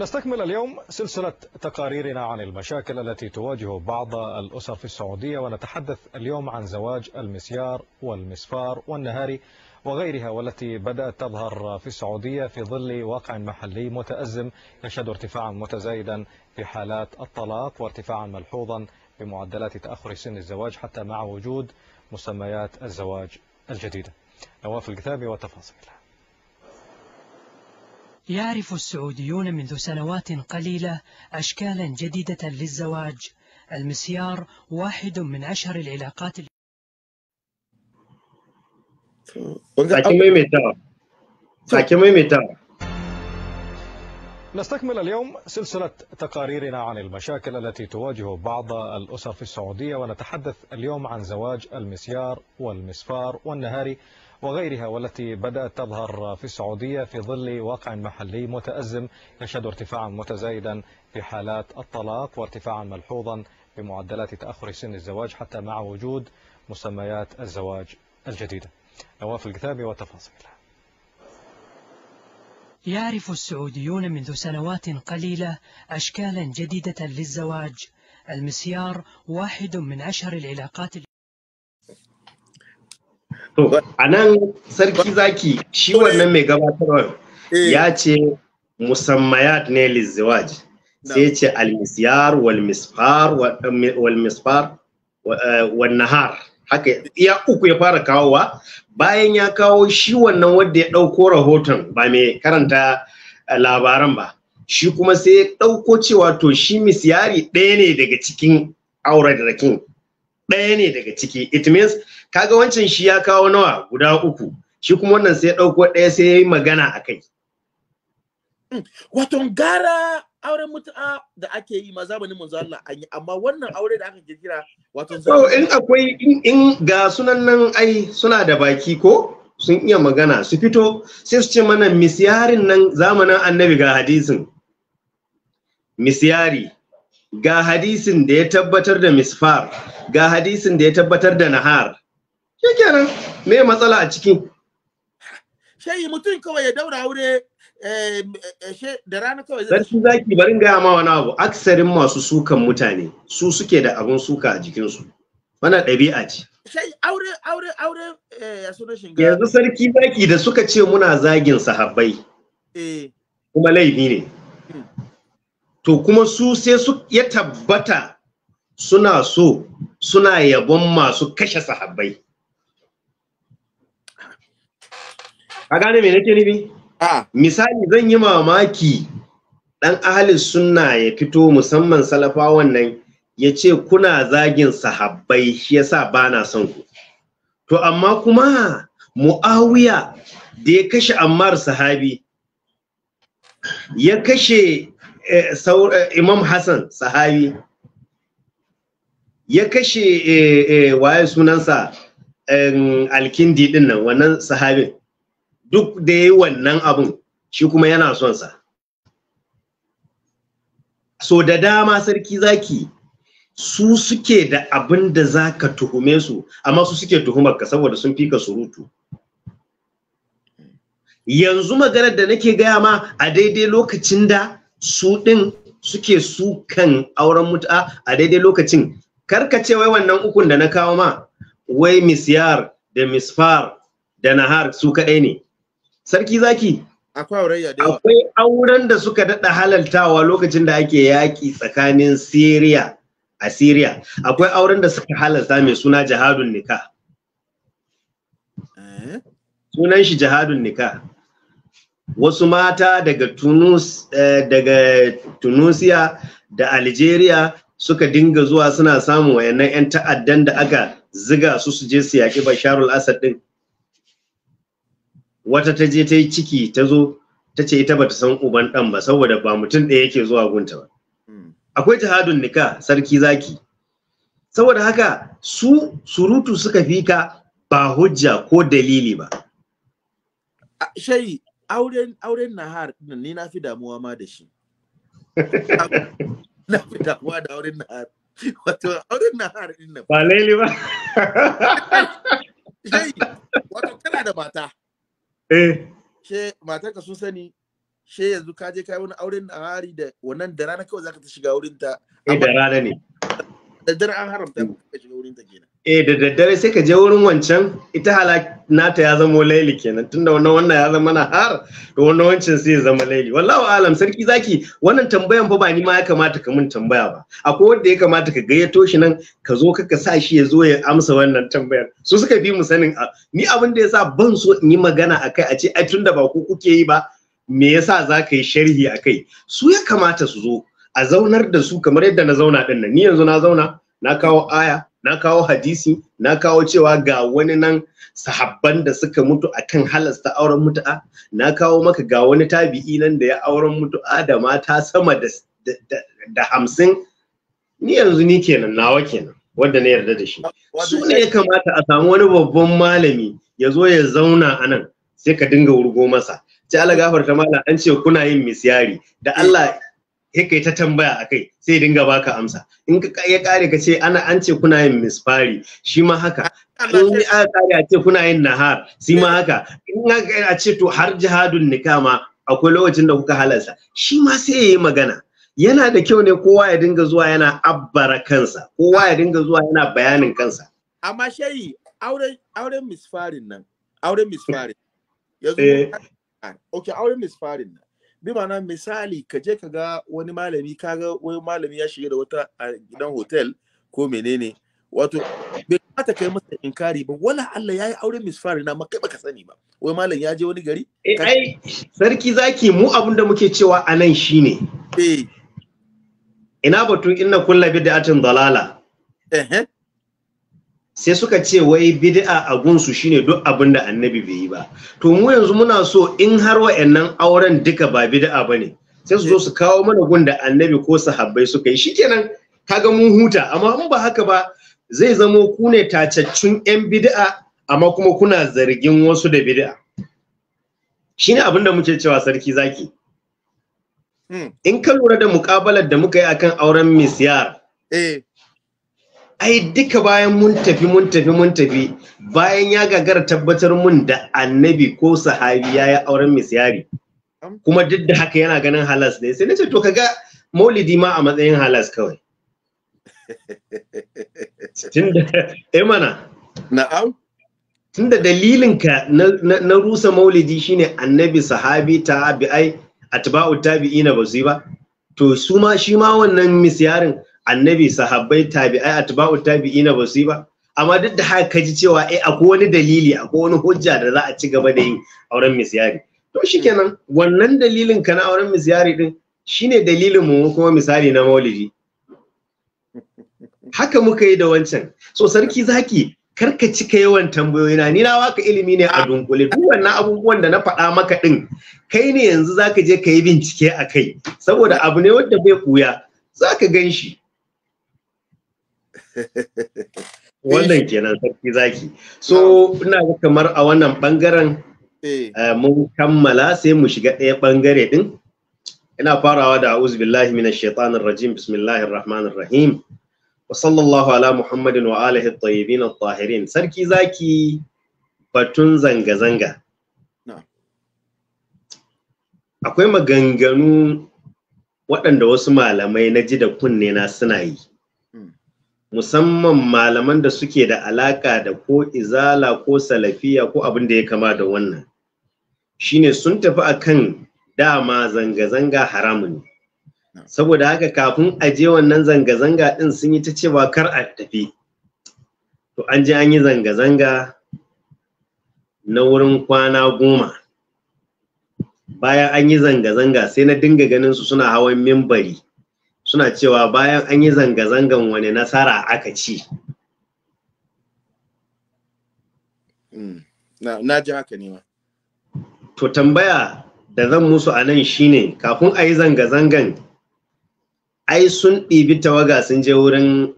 Speaker 4: نستكمل اليوم سلسلة تقاريرنا عن المشاكل التي تواجه بعض الأسر في السعودية ونتحدث اليوم عن زواج المسيار والمسفار والنهاري وغيرها والتي بدأت تظهر في السعودية في ظل واقع محلي متأزم يشهد ارتفاعا متزايدا في حالات الطلاق وارتفاعا ملحوظا في معدلات تأخر سن الزواج حتى مع وجود مسميات الزواج الجديدة نواف القثابي وتفاصيلها يعرف السعوديون منذ سنوات قليلة أشكالا جديدة للزواج المسيار واحد من أشهر العلاقات نستكمل اليوم سلسلة تقاريرنا عن المشاكل التي تواجه بعض الأسر في السعودية ونتحدث اليوم عن زواج المسيار والمسفار والنهاري وغيرها والتي بدأت تظهر في السعودية في ظل واقع محلي متأزم يشهد ارتفاعا متزايدا في حالات الطلاق وارتفاعا ملحوظا في معدلات تأخر سن الزواج حتى مع وجود مسميات الزواج الجديدة نواف الكتابي وتفاصيل يعرف السعوديون منذ سنوات قليلة أشكالا جديدة للزواج المسيار واحد من أشهر العلاقات
Speaker 2: To, a nan sarki zaki shi wannan mai gabatarwa eh. ya ce musammayat ne lizziwaj sai ce almisiyar wal misfar wal eh, haka ya uku ya fara kawowa bayan ya kawo shi wannan wanda ya ɗauko rahoton ba mai karanta eh, labaran ba shi kuma sai ya ɗauko cewa to shi misyari ɗaya ne daga cikin aure da ɗaya ne daga ciki it means kaga wancan shi ya kawo nawa guda uku shi kuma wannan sai ya ɗauko ɗaya sai ya yi magana a kai wato gara
Speaker 1: auren mutu'a da ake yi ma zamanin manzo Allah an yi amma wannan aure da aka wato so in
Speaker 2: akwai in ga sunan nan ai suna da baki ko sun iya magana su fito sai su ce mana misyarin nan zamanin annabi ga hadisin misyari ga hadisin da ya tabbatar da misfar ga hadisin da ya tabbatar da nahar shikenan me matsala a cikin.
Speaker 1: shayi mutum kawai ya daura aure eh, eh, da rana kawai zai
Speaker 2: sarki zaki barin gaya ma wani abu aksarin masu sukan mutane su suke da abun suka a jikinsu wana ɗabi'a ce
Speaker 1: sai aure aure aure eh, ya sunan shinga
Speaker 2: yanzu sarki zaki da suka ce muna zagin sahabbai eh kuma laifi ne hmm. to kuma su sai su ya tabbata suna so suna yabon masu kashe sahabbai ka gane me nake nufi misali zan yi mamaki dan ahalin sunna ya fito musamman salafa wannan ya ce kuna zagin sahabbai shi yasa ba na son ku to amma kuma mu'awiya da ya kashe ammar sahabi ya kashe eh, eh, imam hassan sahabi ya kashe eh, waye sunansa alkindi din nan wannan sahabin duk da yayi wannan abun shi kuma yana son sa so da dama sarki zaki su suke da abin da za ka tuhume su amma su suke tuhumar ka saboda sun fika surutu yanzu maganar da nake gaya ma a daidai lokacin da su ɗin suke su kan auren mutu'a a daidai lokacin kar ka ce wai wannan ukun da na kawo ma wai misyar da misfar da nahar su kaɗai ne sarki zaki akwai auren da suka daɗa halaltawa lokacin da ake yaƙi tsakanin Syria a Syria akwai auren da suka halalta mai suna jihadun nika eh? sunan shi jihadun nika wasu mata daga Tunus eh, daga Tunisia da Algeria suka dinga zuwa suna samun wayannan 'yan ta'addan da aka ziga su su je su yaƙi Basharul Asad din wata ta je ta yi ciki ta zo ta ce ita bata san uban dan ba saboda ba mutum ɗaya yake zuwa gunta ba hmm. akwai jihadun nika sarki zaki saboda haka su surutu suka fi ka ba hujja ko dalili ba
Speaker 1: shayi auren auren nahar ni na fi damuwa ma da shi na fi damuwa da auren
Speaker 2: nahar wato auren
Speaker 1: nahar din
Speaker 2: ba laili
Speaker 5: ba
Speaker 1: shayi wato kana da mata eh matarka sun sani she yanzu ka je kai wani auren hari da wannan da rana kawai zaka ta shiga wurin ta
Speaker 5: eh da rana
Speaker 2: ne
Speaker 1: daddare an haramta mm. kaje wurin
Speaker 2: ta kenan eh da daddare sai ka je wurin wancan ita hala nata ya zama laili kenan tunda wannan wannan ya zama na har to wannan wancan sai ya zama laili wallahi alam sarki zaki wannan tambayan fa ba ni ma ya kamata ka mun tambaya ba akwai wanda ya kamata ka gayyato shi nan ka zo ka sa shi ya zo ya amsa wannan tambayar su suka bi mu sanin ni abin da yasa ban so in yi magana akai a ce ai tunda ba ku kuke yi ba me yasa za ka yi sharhi akai su ya kamata su zo a zaunar da su kamar yadda na zauna din nan ni yanzu na zauna na kawo aya na kawo hadisi na kawo cewa ga wani nan sahabban da suka mutu akan halasta auren mutu'a na kawo maka ga wani tabi'i nan da ya auren mutu'a da mata sama da, hamsin ni yanzu ni kenan nawa kenan wanda na yarda da shi su ne ya kamata a samu wani babban malami ya zo ya zauna a nan sai ka dinga wurgo masa ci ala gafarta mala an ce kuna yin misyari da Allah sai kai ta tambaya akai sai dinga baka amsa in ka ya kare ka ce ana an ce kuna yin misfari shi ma haka in aka kare a ce kuna yin nahar shi ma haka in aka a ce to har jihadun nikama akwai lokacin da kuka halarsa shi ma sai yayi magana yana da kyau ne kowa ya dinga zuwa yana abbara kansa kowa ya dinga zuwa yana bayanin kansa
Speaker 1: amma shayi auren auren misfarin nan auren misfarin yanzu okay eh. auren misfarin nan bi ma'ana misali ka je ka ga wani malami ka ga wani malami ya shiga da wata a gidan hotel ko menene wato bai kamata kai masa inkari ba wala Allah yi auren Miss Farina ma kai baka sani ba wai malam ya je wani gari eh ai
Speaker 2: sarki zaki mu abun da muke cewa a nan shine eh ina batun inna kulla atin dalala eh sai suka ce wai bid'a a gunsu shine duk abin annabi bai yi ba to mu yanzu muna so in har wa'annan auren duka ba bid'a bane sai su zo su kawo mana gun da annabi ko sahabbai suka yi shikenan kaga mun huta amma in ba haka ba zai zamo ku ne tacaccun yan bid'a amma kuma kuna zargin wasu da bid'a shine abin da muke cewa sarki zaki hmm. in ka lura da muƙabalar da muka yi akan auren misyar eh ai duka bayan mun tafi mun tafi mun tafi bayan ya gagara tabbatar mun da annabi ko sahabi ya yi auren misyari kuma duk da haka yana ganin halas ne sai nace to kaga maulidi ma a matsayin halas kawai tunda eh mana na'am tunda dalilinka na, na, rusa maulidi shine annabi sahabi ai atba'u tabi'ina ba su yi ba to su ma shi ma wannan misyarin annabi sahabbai tabi'ai atba'u tabi'ina ba su yi ba amma duk da haka ji cewa eh akwai wani dalili akwai wani hujja da za a ci gaba da yin auren misyari to kenan. wannan dalilin ka na auren misyari din shine dalilin mu kuma misali na maulidi haka muka yi da wancan so sarki zaki karka cika yawan tambayoyina ni na waka ilimi ne a dunkule duk wannan abubuwan da na faɗa maka din kai ne yanzu zaka je ka yi bincike a kai saboda abu ne wanda bai kuya zaka gan shi wannan kenan sarki zaki so ina ga kamar a wannan bangaren eh. eh, mun kammala sai mu shiga ɗaya bangare din ina farawa da a'udhu billahi minash shaitanir rajim bismillahir rahmanir rahim wa sallallahu ala muhammadin wa alihi at-tayyibin at-tahirin sarki zaki batun zanga zanga akwai maganganu waɗanda wasu malamai na ji da kunne na suna yi musamman malaman da suke da alaka da ko izala ko salafiya ko abin da ya kama da wannan shine sun tafi akan dama zanga-zanga haramun ne saboda haka kafin a je wannan zanga-zanga din sun yi ta cewa kar a tafi to an je an yi zanga-zanga na wurin kwana goma bayan an yi zanga-zanga sai na dinga ganin su suna hawan mimbari suna cewa bayan an yi zanga-zangan wani nasara aka ci hmm. na ji haka ne to tambaya da zan musu a nan shine kafin a yi zanga-zangan ai sun ɗibi tawaga sun je wurin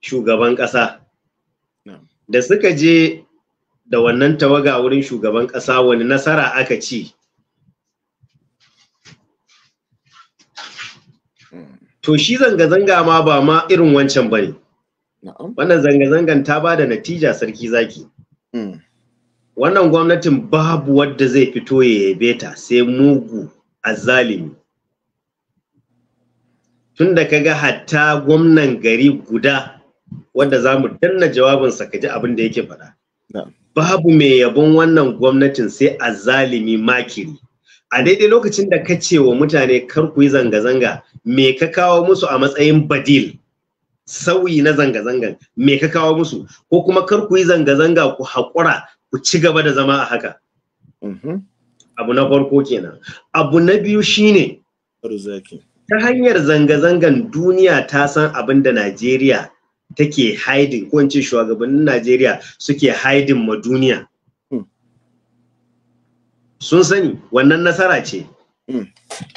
Speaker 2: shugaban ƙasa da suka je da wannan tawaga wurin shugaban ƙasa wani nasara aka ci to shi zanga-zanga ma ba ma irin wancan bane ne wannan zanga-zangan ta ba da natija sarki zaki hmm. wannan gwamnatin babu wadda zai fito ya yabe ta sai mugu a zalimi tun da kaga hatta gwamnan gari guda wanda za mu danna jawabinsa ka ji abin da yake faɗa babu mai yabon wannan gwamnatin sai a makiri a daidai lokacin da ka ce wa mutane kar ku yi zanga-zanga me ka kawo musu a matsayin badil sauyi na zanga-zangan me ka kawo musu ko kuma kar ku yi zanga-zanga ku haƙura ku ci gaba da zama a haka mm-hmm. abu na farko kenan abu na biyu shine ta hanyar zanga-zangan duniya ta san abin da najeriya take haidin ko in ce shugabannin najeriya suke haidin ma duniya sun sani wannan nasara ce hmm.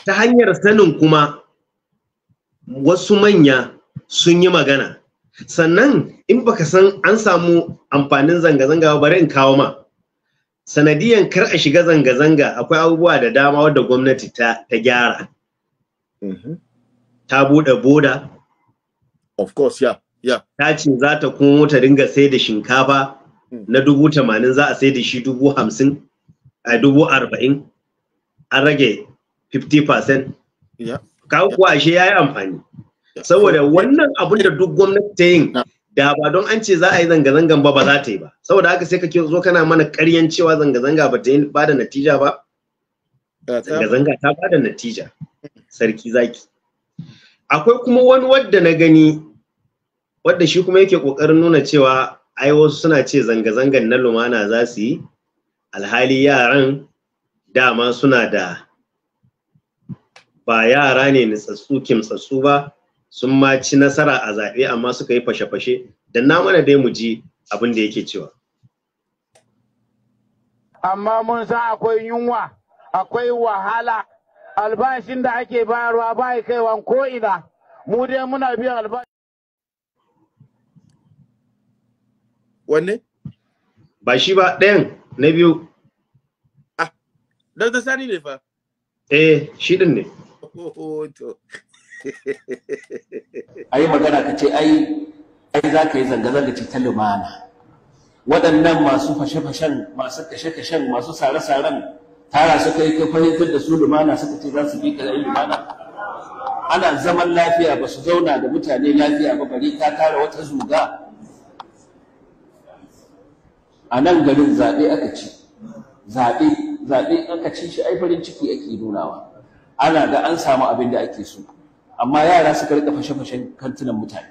Speaker 2: ta hanyar sanin kuma wasu manya sun yi magana sannan in baka san an samu amfanin zanga-zanga bari in kawo ma sanadiyan kar a shiga zanga-zanga akwai abubuwa da dama wadda gwamnati ta, gyara mm-hmm. ta buɗe boda of course yeah yeah ta ce za ta kuma ta dinga sai da shinkafa hmm. na dubu tamanin za a sai da shi dubu hamsin a dubu arba'in an rage 50% kawo kuwa ashe ya yi amfani saboda wannan abin da duk gwamnati ta yin da ba don an ce za a yi zanga-zangan ba ba za ta yi ba saboda haka sai kake zo kana mana karyan cewa zanga-zanga ba ta yi ba da natija ba zanga-zanga ta ba da natija sarki zaki akwai kuma wani wadda na gani wadda shi kuma yake kokarin nuna cewa ai wasu suna ce zanga-zangan na lumana za su yi alhali yaran dama suna da ba yara ne nutsatsu kimtsatsu ba sun ma ci nasara a zaɓe amma suka yi fashe-fashe da na mana dai mu ji abin da yake cewa
Speaker 5: amma mun san akwai yunwa akwai wahala albashin da ake bayarwa ba kaiwan ko'ina mu dai muna biyan albashi
Speaker 1: wanne ba
Speaker 2: shi ba ɗayan na biyu
Speaker 1: ah ta sani ne fa
Speaker 2: eh shi din ne
Speaker 1: a yi magana
Speaker 3: ka ce ai ai za ka yi zanga-zanga ce ta lumana waɗannan masu fashe-fashen masu kashe-kashen masu sare-saren tara suka yi kai fahimtar da su lumana suka ce za su bi ka yi lumana ana zaman lafiya ba su zauna da mutane lafiya ba bari ta tara wata zuga a nan garin zaɓe aka ci zaɓe zaɓe aka ci shi ai farin ciki ake nunawa ana ga an samu abin da ake so amma yara suka rika fashe-fashen kantunan mutane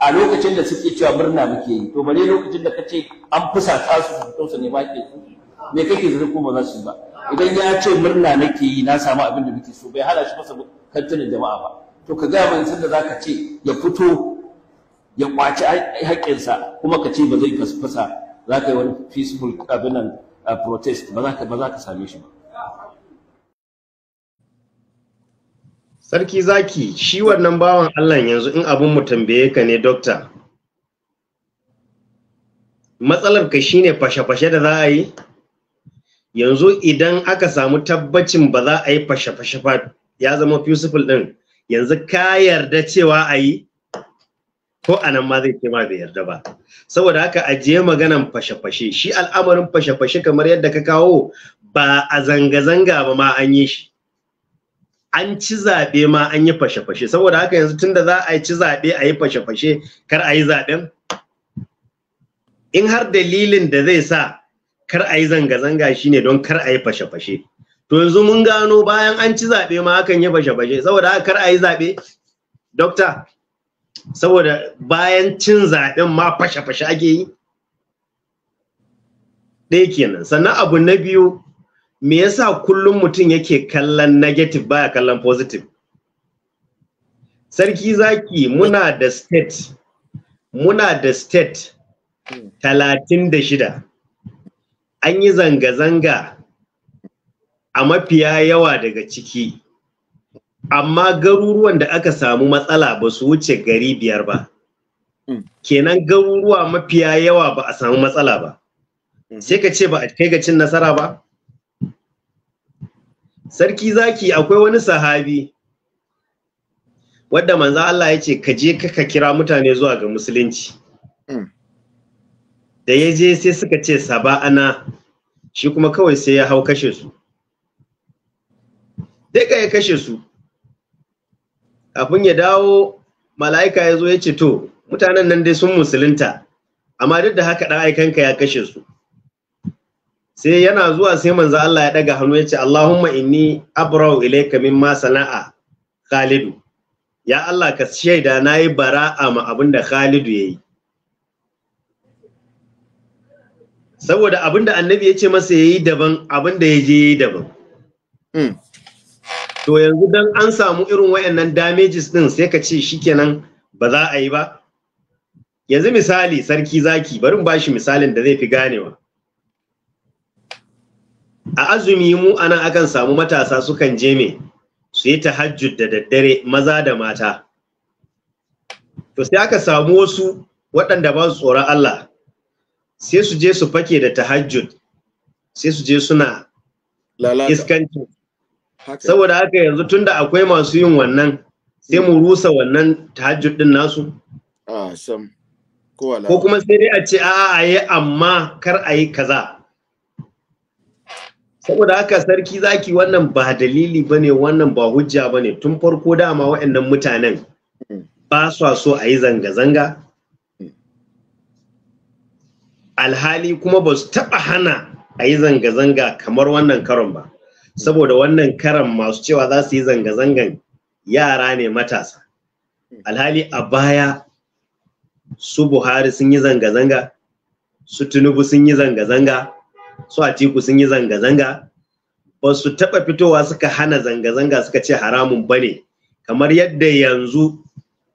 Speaker 3: a lokacin da suke cewa murna muke yi to bare lokacin da kace an fusata su fito su ne ba ke me kake zai ko ba za su ba idan ya ce murna nake yi na samu abin da muke so bai hana shi masa kantunan jama'a ba to ka gaya mai sanda ka ce ya fito ya kwaci haƙƙinsa kuma ka ce ba zai fasfasa za ka yi wani
Speaker 2: peaceful abinan protest ba za ka same shi ba Sarki zaki shi wannan bawan Allah yanzu in abin mu tambaye ka ne dokta matsalar ka shine fashe-fashe da za a yi yanzu idan aka samu tabbacin ba za a yi fashe-fashe ya zama peaceful din yanzu ka yarda cewa ayi. ko anan ma zai ce ma bai yarda ba saboda haka ajiye maganan fashe-fashe shi al'amarin fashe-fashe kamar yadda ka kawo ba a zanga-zanga ba ma an yi shi an ci zaɓe ma an yi fashe-fashe saboda haka yanzu tunda za a ci zaɓe a yi fashe-fashe kar a yi zaɓen in har dalilin da zai sa kar a yi zanga-zanga shine don kar a yi fashe-fashe to yanzu mun gano bayan an ci zaɓe ma akan yi fashe-fashe saboda haka kar a yi zaɓe dokta saboda bayan cin zaɓen ma fashe-fashe ake yi ɗaya kenan sannan abu na biyu me yasa kullum mutum yake kallon negative baya kallon positive sarki zaki muna da state muna da state talatin da shida an yi zanga-zanga a mafiya yawa daga ciki amma garuruwan da aka samu matsala ba su wuce gari biyar ba hmm. kenan garuruwa mafiya yawa ba a samu matsala ba hmm. sai ka ce ba a kai ga cin nasara ba sarki zaki akwai wani sahabi wadda manza Allah ya ce ka je ka kira mutane zuwa ga musulunci hmm. da ya je sai suka ce saba'ana shi kuma kawai sai ya hau kashe su dai ka ya kashe su kafin ya dawo mala'ika ya zo ya ce to mutanen nan dai sun musulunta amma duk da haka ɗan ka ya kashe su sai yana zuwa sai manzo Allah ya daga hannu ya ce Allahumma inni abrau ilayka mimma sana'a Khalidu ya Allah ka shaida nayi bara'a ma abinda Khalidu yayi saboda abinda annabi ya ce masa yayi daban abinda ya je yayi daban hmm. to yanzu dan an samu irin wayannan damages din sai ka ce shikenan ba za a yi ba yanzu misali sarki zaki barin bashi misalin da zai fi ganewa a azumi mu ana akan samu matasa sukan je me su yi tahajjud da daddare maza da mata to sai aka samu wasu waɗanda ba su tsoron Allah sai su je su fake da tahajjud sai su je suna iskanci saboda haka yanzu tunda akwai masu yin wannan sai mu rusa wannan tahajjud din nasu ko kuma sai dai a ce a a yi amma kar a yi kaza saboda haka sarki zaki wannan ba dalili bane wannan ba hujja bane tun farko dama waɗannan mutanen hmm. ba sa so a yi zanga-zanga hmm. alhali kuma ba su taɓa hana a yi zanga-zanga kamar wannan karon ba saboda wannan karan masu cewa za su yi zanga-zangan yara ne matasa alhali a baya su buhari sun yi zanga-zanga su tinubu sun yi zanga-zanga su atiku sun yi zanga-zanga ba su taɓa fitowa suka hana zanga-zanga suka ce haramun ba ne kamar yadda yanzu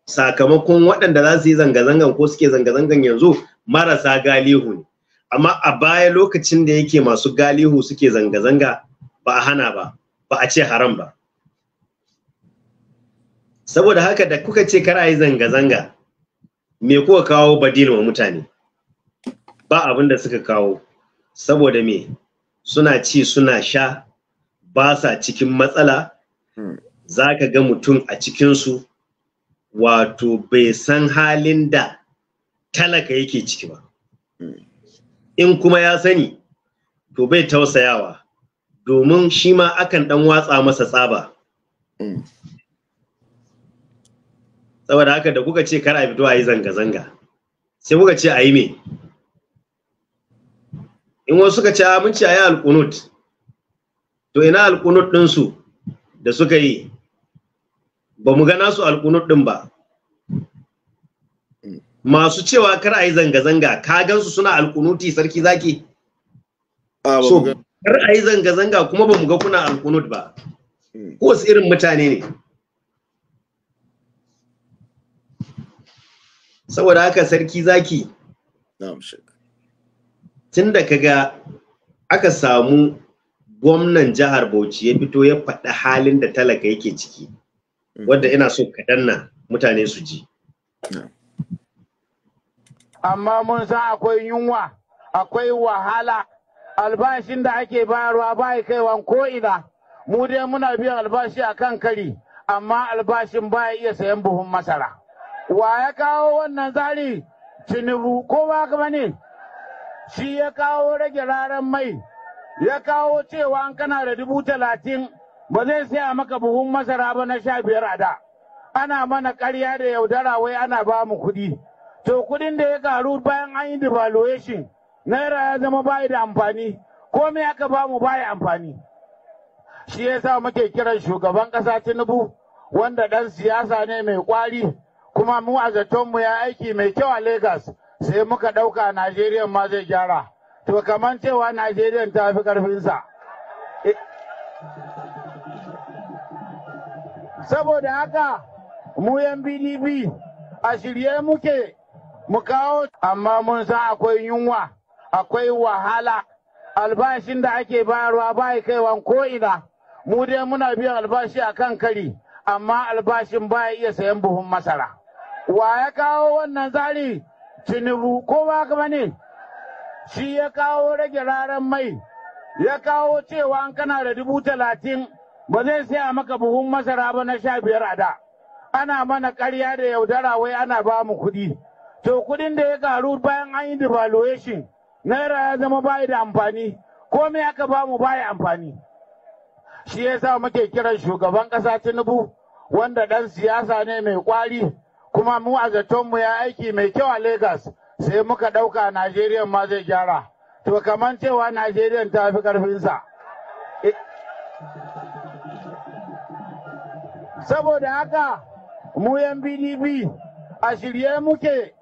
Speaker 2: sakamakon waɗanda za su yi zanga-zangan ko suke zanga-zangan yanzu marasa galihu ne amma a baya lokacin da yake masu galihu suke zanga-zanga ba a hana ba ba a ce haram ba saboda haka da kuka ce kar a yi zanga-zanga me kuka kawo badil wa mutane ba abin da suka kawo saboda me suna ci suna sha ba sa cikin matsala hmm. za ka ga mutum a cikinsu wato bai san halin da talaka yake ciki ba hmm. in kuma ya sani to bai tausayawa domin shi ma akan ɗan watsa masa tsaba mm. saboda haka da kuka ce kar a fito a yi zanga-zanga sai kuka ce a yi me in wasu suka ce mun ce a yi alkunut to ina alkunut ɗinsu da suka yi ba mu gana su alkunut ɗin ba mm. masu cewa kar a yi zanga-zanga ka gansu suna alkunuti sarki zaki so kar a yi zanga-zanga kuma ba mu ga kuna alkunud ba hmm. ko wasu irin mutane ne saboda haka sarki zaki tun da kaga aka samu gwamnan jihar bauchi ya fito ya faɗi halin da talaka yake ciki hmm. wadda ina so ka danna mutane su ji
Speaker 5: amma mun san akwai yunwa akwai wahala albashin da ake bayarwa ba kaiwa ko ina mu dai muna biyan albashi a kan kari amma albashin ba iya sayan buhun masara wa ya kawo wannan tsari tinubu ko ba haka ne shi ya kawo rage raran mai ya kawo cewa an kana da dubu talatin ba zai saya maka buhun masara ba na sha biyar a da ana mana karya da yaudara wai ana ba mu kuɗi to kuɗin da ya karu bayan an yi devaluation naira ya zama bayi da amfani komai aka bamu bayi amfani shi yasa muke kiran shugaban ƙasa tinubu wanda ɗan siyasa ne mai ƙwari kuma mu a mu ya aiki mai kyau a Legas sai muka ɗauka Najeriya ma zai gyara. To kamar cewa Najeriya ta fi ƙarfinsa. Eh. Saboda haka mu yan bdb a shirye muke mu kawo amma mun san akwai yunwa akwai wahala albashin da ake bayarwa bai ko ina. mu dai muna biyan albashi a kan kari amma albashin baya iya sayan buhun masara wa ya kawo wannan tsari tinubu ko ba ka bane shi ya kawo rage raran mai ya kawo cewa an kana da dubu talatin ba zai saya maka buhun masara ba na sha biyar a da ana mana karya da yaudara wai ana ba mu kuɗi to kuɗin da ya karu bayan an yi devaluation naira ya zama bayi da amfani komai aka ba mu bayi amfani shi ya sa muke kiran shugaban ƙasa tinubu wanda ɗan siyasa ne mai ƙwari kuma mu a zatonmu ya aiki mai kyau a Legas sai muka ɗauka Najeriya ma zai gyara. To kamar cewa Najeriya ta fi ƙarfinsa. Eh. Saboda haka mu yan PDP a shirye muke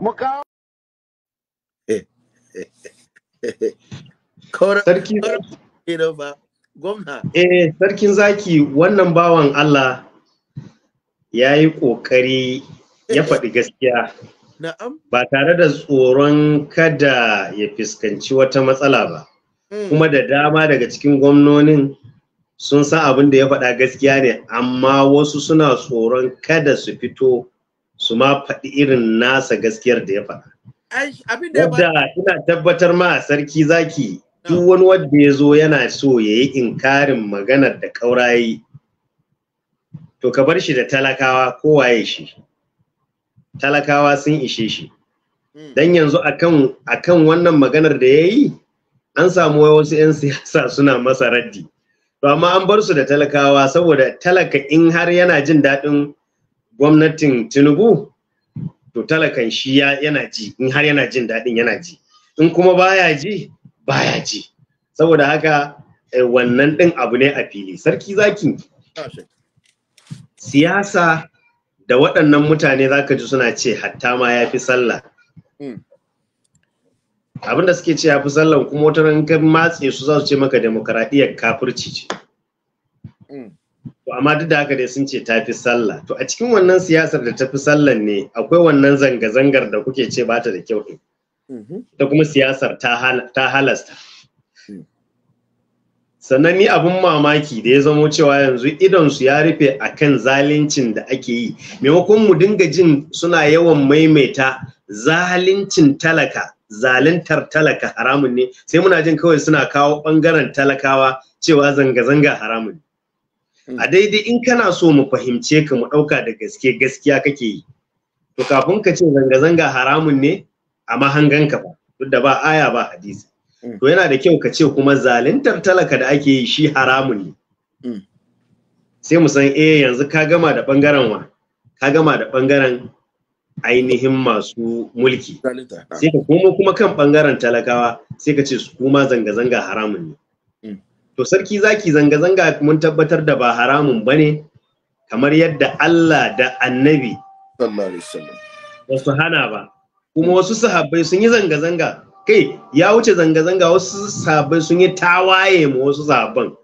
Speaker 5: mu kawo
Speaker 2: sarki eh sarkin zaki wannan bawan Allah ya yi ƙoƙari ya eh, eh. faɗi gaskiya ba tare da tsoron kada ya fuskanci wata matsala ba hmm. kuma da dama daga cikin gwamnonin sun sa abin da ya faɗa gaskiya ne amma wasu suna tsoron kada su fito su ma faɗi irin nasa gaskiyar da ya faɗa abin da ina tabbatar ma sarki zaki duk wani wanda ya zo yana so ya yi inkarin maganar da kaurayi to ka bar shi da talakawa kowaye shi talakawa sun ishe shi hmm. dan yanzu akan akan wannan maganar da ya yi an samu wasu 'yan siyasa suna masa raddi to amma an bar su da talakawa saboda talaka in har yana jin daɗin gwamnatin tinubu to talakan shi ya yana ji in har yana jin daɗin yana ji in kuma baya ji baya ji saboda haka eh, wannan ɗin abu ne a fili sarki zaki siyasa da waɗannan mutane zaka ji suna ce hatta ma ya fi sallah hmm. abinda suke ce ya fi sallah kuma wata ran matse su za su ce maka demokaradiyyar kafirci ce amma duk da haka dai sun ce ta fi sallah to a cikin wannan siyasar da ta fi sallah ne akwai wannan zanga-zangar da kuke ce bata da kyau ɗin mm-hmm. ta kuma siyasar ta halasta mm. sannan ni abin mamaki da ya zamo cewa yanzu idonsu ya rufe a kan zalincin da ake yi maimakon mu dinga jin suna yawan maimaita zalincin talaka zaluntar talaka haramun ne sai muna jin kawai suna kawo ɓangaren talakawa cewa zanga-zanga haramun ne a daidai in kana so mu fahimce ka mu ɗauka da gaske gaskiya kake yi to kafin ka ce zanga-zanga haramun ne a mahangan ka ba duk da ba aya ba hadisi mm. to yana da kyau ka ce kuma zaluntar talaka da ake yi shi haramun ne mm. sai mu san eh yanzu ka gama da bangaren wa ka gama da bangaren ainihin masu mulki sai ka komo kuma kan bangaren talakawa sai ka ce su kuma zanga-zanga haramun ne to sarki zaki zanga-zanga mun tabbatar da ba haramun ba ne kamar yadda Allah da annabi ba su hana ba kuma wasu sahabbai sun yi zanga-zanga kai ya wuce zanga-zanga wasu sahabbai sun yi tawaye ma wasu sahabban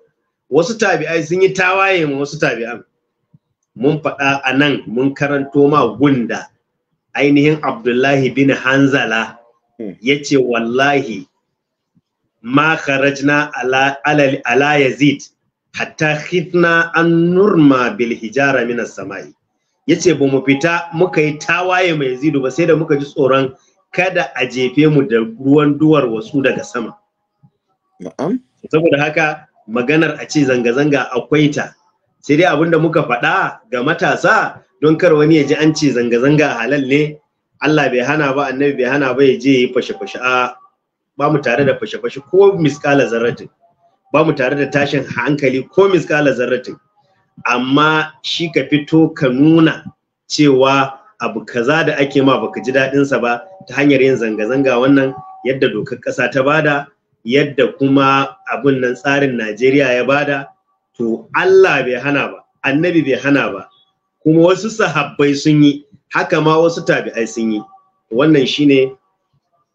Speaker 2: wasu tabi'ai sun yi tawaye ma wasu tabi'an mun faɗa anan mun karanto ma gunda ainihin abdullahi bin hanzala hmm. ya ce wallahi ma kharajna ala ala yazid hatta khifna an nurma bil hijara min as-samai yace ba mu fita muka yi tawaye mai Zidu ba sai da muka ji tsoron kada a jefe mu da ruwan duwar wasu daga sama na'am saboda haka maganar a ce zanga-zanga akwai ta sai dai abinda muka faɗa ga matasa don kar wani ya ji an ce zanga-zanga halal ne Allah bai hana ba annabi bai hana ba ya je ya yi fashe-fashe a ba mu tare da fashe-fashe ko miskala zarratin ba mu tare da tashin hankali ko miskala zarratin amma shi ka fito ka nuna cewa abu kaza da ake ma baka ji daɗinsa ba ta hanyar yin zanga-zanga wannan yadda dokar ƙasa ta bada yadda kuma abun nan tsarin najeriya ya bada to allah bai hana ba annabi bai hana ba kuma wasu sahabbai sun yi haka ma wasu tabi'ai sun yi wannan shine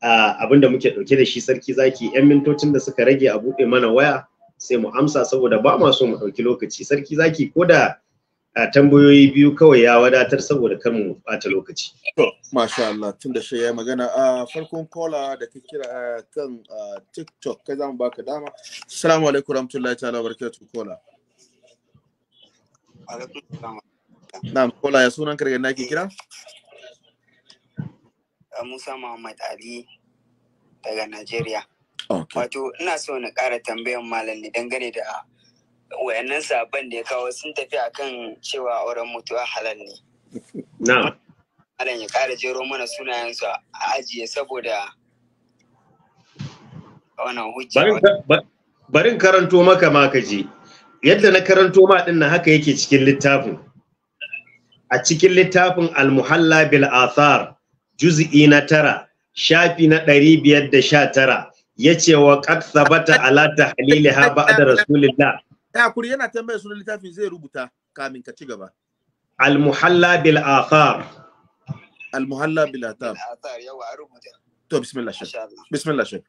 Speaker 2: abin da muke ɗauke da shi sarki zaki yan mintocin da suka rage a buɗe mana waya sai mu amsa saboda ba ma so mu ɗauki lokaci sarki zaki ko da tambayoyi biyu kawai ya wadatar saboda kar mu ɓata lokaci. To, masha Allah, tun da shi ya magana
Speaker 1: a farkon kola da ka kira kan TikTok kai za mu baka dama. Assalamu alaikum warahmatullahi ta'ala barakatuh kola. Na kola ya sunan kargan naki kira?
Speaker 2: Uh, Musa Muhammad Ali daga Najeriya. Wato ina so na ƙara tambayan malam ne dangane da wayannan sabon da ya kawo sun tafi akan cewa auren mutuwa halal ne. Na. Malam ya ƙara jero mana sunayensu a ajiye saboda wannan hujja. Barin karanto maka ma ka je. Yadda na karanto ma din na haka yake cikin littafin. A cikin littafin Al-Muhalla bil Athar juz'i na tara shafi na ɗari biyar da sha tara ya ce wa qad thabata ala tahlili ha ba'da rasulillah
Speaker 1: ya kuri yana tambaya sunan littafin zai rubuta kamin ka ci gaba
Speaker 2: bil athar bil athar to bismillah shek bismillah shek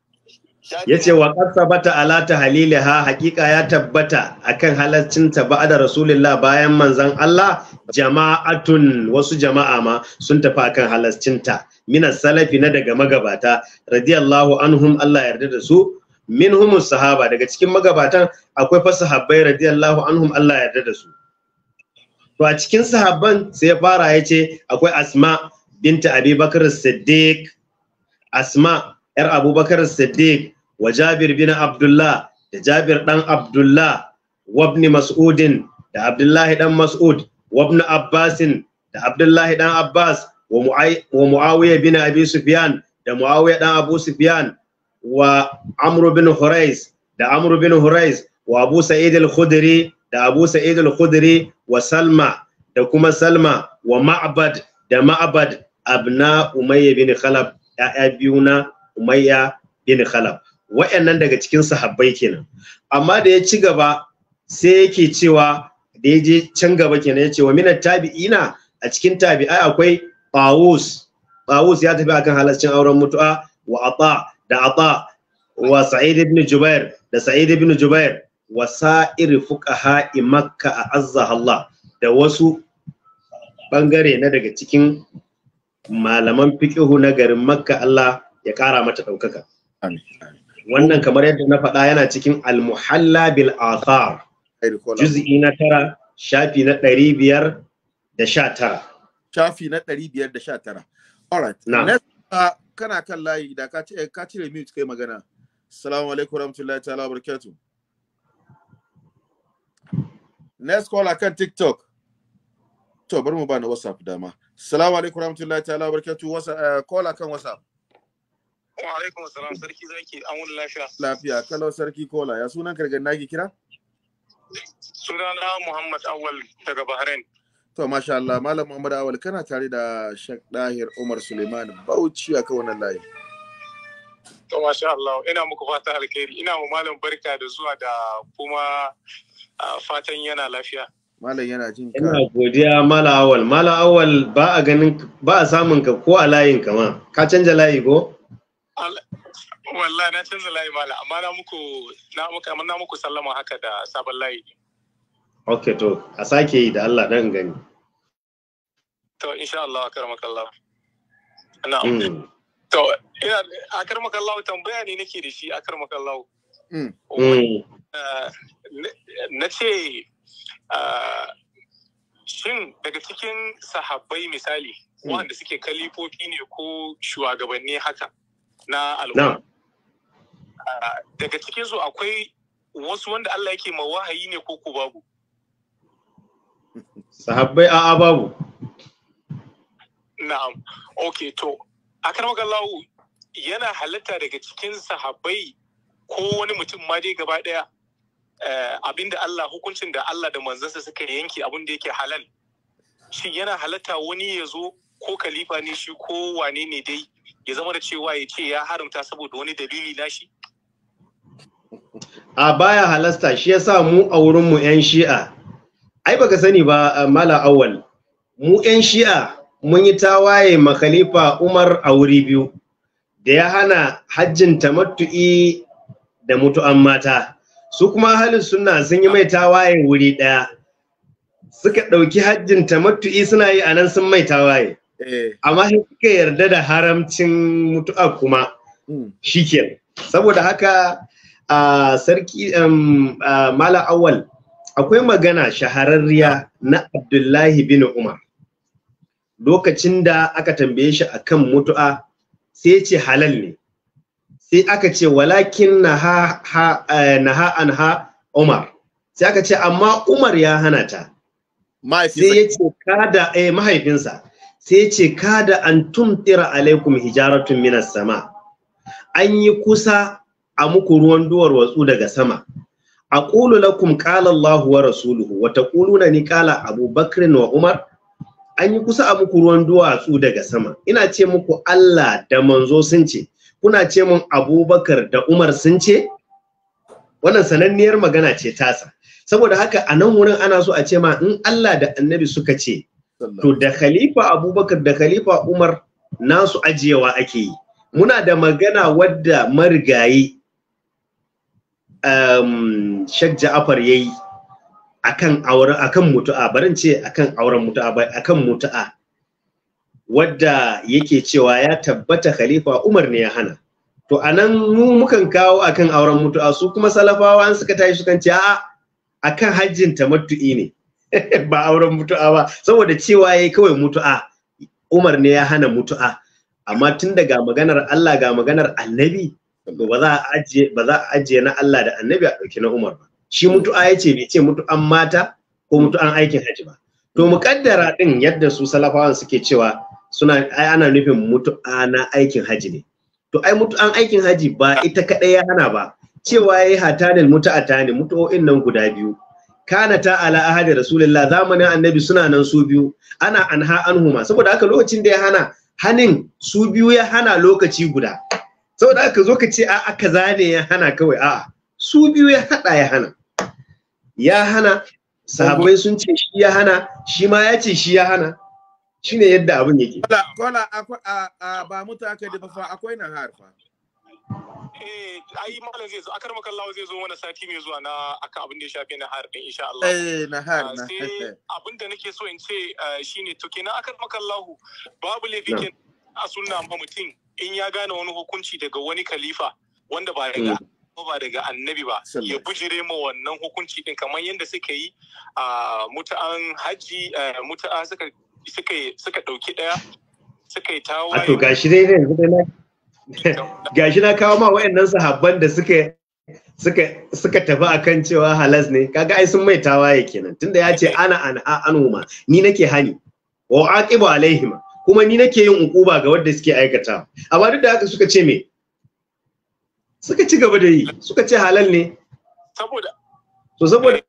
Speaker 2: ya ce wa ƙasa bata ala ta halili ha hakika ya tabbata a kan halaccinta ba da rasulullah bayan manzan Allah jama'atun wasu jama'a ma sun tafi akan halaccinta mina salafi na daga magabata radiyallahu anhum Allah yarda da su humus sahaba daga cikin magabatan akwai fa sahabbai radiyallahu anhum Allah yarda da su to a cikin sahabban sai ya fara ya ce akwai asma binta abubakar siddiq asma yar abubakar siddiq wa Jabir bin Abdullah da Jabir dan Abdullah wabni Mas'udin da Abdullahi dan Mas'ud wabni Abbasin da Abdullahi dan Abbas wa Muawiya bin Abi Sufyan da Muawiya dan Abu Sufyan wa amru bin Hurais da amru bin Hurais wa Abu Sa'id al-Khudri da Abu Sa'id al-Khudri wa Salma da kuma Salma wa Ma'bad da Ma'bad abna Umayya bin khalab ya'ya biyu na Umayya bin khalab. wa'annan daga cikin sahabbai kenan amma da ya ci gaba sai yake cewa da ya je can gaba kenan ya ce wa minan tabi'ina a cikin tabi'ai akwai tawus tawus ya tafi akan halascin auren mutu'a wa ata da ata wa sa'id ibn jubair da sa'id ibn jubair wa sa'ir fuqaha makka a azza Allah da wasu bangare na daga cikin malaman fiqihu na garin makka Allah ya kara mata daukaka amin wannan kamar yadda na faɗa yana cikin almuhalla muhalla bil athar juz'i na tara shafi na ɗari biyar da sha tara
Speaker 1: shafi na ɗari biyar da
Speaker 2: sha tara alright na
Speaker 1: uh, kana kan layi da ka ce ka cire mute kai magana assalamu alaikum warahmatullahi ta'ala barakatuh next call akan tiktok to bari mu ba na whatsapp dama assalamu alaikum warahmatullahi ta'ala barakatuh whatsapp uh, call akan whatsapp
Speaker 4: Wa alaikum salam sarki zaki an wani lafiya.
Speaker 1: Lafiya kalau sarki kola ya sunan kargan naki kira?
Speaker 4: Sunana Muhammad Awal daga Bahrain.
Speaker 1: To masha Allah Malam Muhammad Awal kana tare da Sheikh Dahir Umar Suleiman Bauchi a kan wannan layi.
Speaker 4: To masha Allah ina muku fata alkhairi ina mu malam barka da zuwa da kuma fatan yana lafiya.
Speaker 2: Malam yana jin ka. Ina godiya Malam Awal. Malam Awal ba a ganin ba a samun ka ko a layin ka ma. Ka canja layi ko? Wallah na canza layi mala amma na muku na muku amma na muku sallama haka da sabon layi. Ok to a sake yi da Allah dan gani. To insha Allah karamakallah. Na'am.
Speaker 4: Mm. To ina a karmakallah tambaya ne nake da shi a karmakallah. Mm. Mm. Eh, na ce eh, shin daga cikin sahabbai misali wanda suke kalifofi ne ko shugabanni haka. na al'umma ah, daga cikin akwai wasu wanda Allah yake ma wahayi ne ko babu
Speaker 2: sahabbai a'a babu
Speaker 4: na'am okay to a magallahu yana halatta daga cikin sahabbai ko wani mutum ma dai gaba daya eh, abinda Allah hukuncin da Allah da manzansa suka yanke abin da yake halal shin yana halatta wani ya zo ko kalifa ne shi ko wane ne dai ya zama da cewa ya ce ya haramta saboda wani dalili nashi
Speaker 2: a baya halasta shi ya sa mu a wurin mu yan shi'a ai baka sani ba eh, mala awal mu yan shi'a mun yi tawaye ma khalifa Umar a wuri biyu da ya hana hajjin tamattu'i da mutu'an mata su kuma halin suna sun yi mai tawaye wuri ɗaya. suka ɗauki hajjin tamattu'i suna yi a nan sun mai tawaye Eh. amma sai suka yarda da haramcin mutu'a kuma hmm. ke. saboda haka a sarki mala awal akwai magana shahararriya na abdullahi bin umar lokacin da aka tambaye shi akan mutu'a sai ce halal ne sai aka ce walakin na ha eh, an ha umar sai aka ce amma umar ya hana ta sai ya ce kada eh, mahaifinsa sai ce kada an tumtira alaikum hijaratun minas sama an yi kusa a muku ruwan duwar watsu daga sama A ƙulu lakum ƙala Allah wa rasuluhu wata na ni ƙala Abu wa Umar an yi kusa a muku ruwan duwatsu daga sama ina ce muku Allah da manzo sun ce kuna ce mun Abubakar da Umar sun ce wannan sananniyar magana ce tasa saboda haka a nan wurin ana so a ce ma in Allah da Annabi suka ce to da khalifa abubakar da khalifa umar nasu ajiyewa ake yi muna da magana wadda marigayi um, shek ja'afar ya yi akan auren akan mutu'a barin ce akan auren mutu'a ba akan mutu'a wadda yake cewa ya tabbata khalifa umar ne ya hana to anan mu mukan kawo akan auren mutu'a su kuma salafawa an suka tashi sukan ce a'a akan hajjin tamattu'i ne ba auren mutu'a ba saboda cewa yayi kawai mutu'a Umar ne ya hana mutu'a amma tun daga maganar Allah ga maganar Annabi ba za a ajiye ba za a ajiye na Allah da Annabi a dauki na Umar ba shi mutu'a yace bai ce mutu'an mata ko mutu'an aikin haji ba to muƙaddara din yadda su salafawan suke cewa suna ai ana nufin mutu'a na aikin haji ne to ai mutu'an aikin haji ba ita kadai ya hana ba cewa yayi hatanil ta ne mutu'o'in nan guda biyu kana ta ala ahadi rasulullah zamanin annabi suna nan su biyu ana anha anhuma saboda haka lokacin da ya hana hanin su biyu ya hana lokaci guda saboda haka zo ka ce a aka zane ya hana kawai a su biyu ya hada ya hana ya hana sahabbai sun ce shi ya hana shi ma ya ce shi ya hana shine yadda abin yake kola kola
Speaker 1: ba mutaka da fa akwai nan harfa eh ai malam zai zo akar makallawa
Speaker 4: zai zo mana sati mai zuwa na aka abin da ya shafi na har insha Allah eh na har na sai abin da nake so in ce eh, shine to kenan akar makallahu babu laifi kenan a sunna ma mutum in ya gane wani hukunci daga wani khalifa wanda ba daga mm. ba daga annabi ba ya bujire ma wannan hukunci din kamar yadda suka yi a mutu'an haji eh, suka suka suka dauki daya suka yi tawaye
Speaker 2: gashi dai dai gashi na kawo ma wayannan sahabban da suka suka suka tafi akan cewa halas ne kaga ai sun mai tawaye kenan tunda ya ce ana an anuma ni nake hani wa aqibu alaihima kuma ni nake yin ukuba ga wanda suke aikata amma duk da haka suka ce me suka ci gaba da yi suka ce halal ne saboda to saboda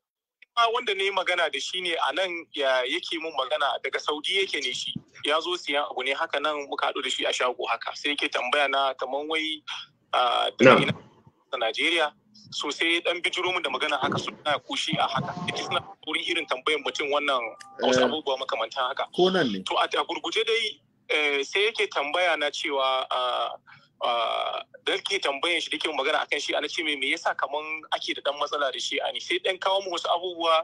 Speaker 2: wanda ne magana da shi ne a nan yake mun magana daga saudi yake ne shi ya zo siyan abu ne haka nan muka haɗu da shi a shago haka sai yake tambaya na
Speaker 4: kamar wai da Najeriya so sai dan bijiro mu da magana haka suna kushi a haka it is not wurin irin tambayan mutum wannan wasu eh. abubuwa makamantan haka ko nan ne to a gurguje dai eh, sai yake tambaya na cewa da tambayan shi da ke magana akan shi ana ce mai me yasa kaman ake da dan matsala da shi ni sai dan kawo mu wasu abubuwa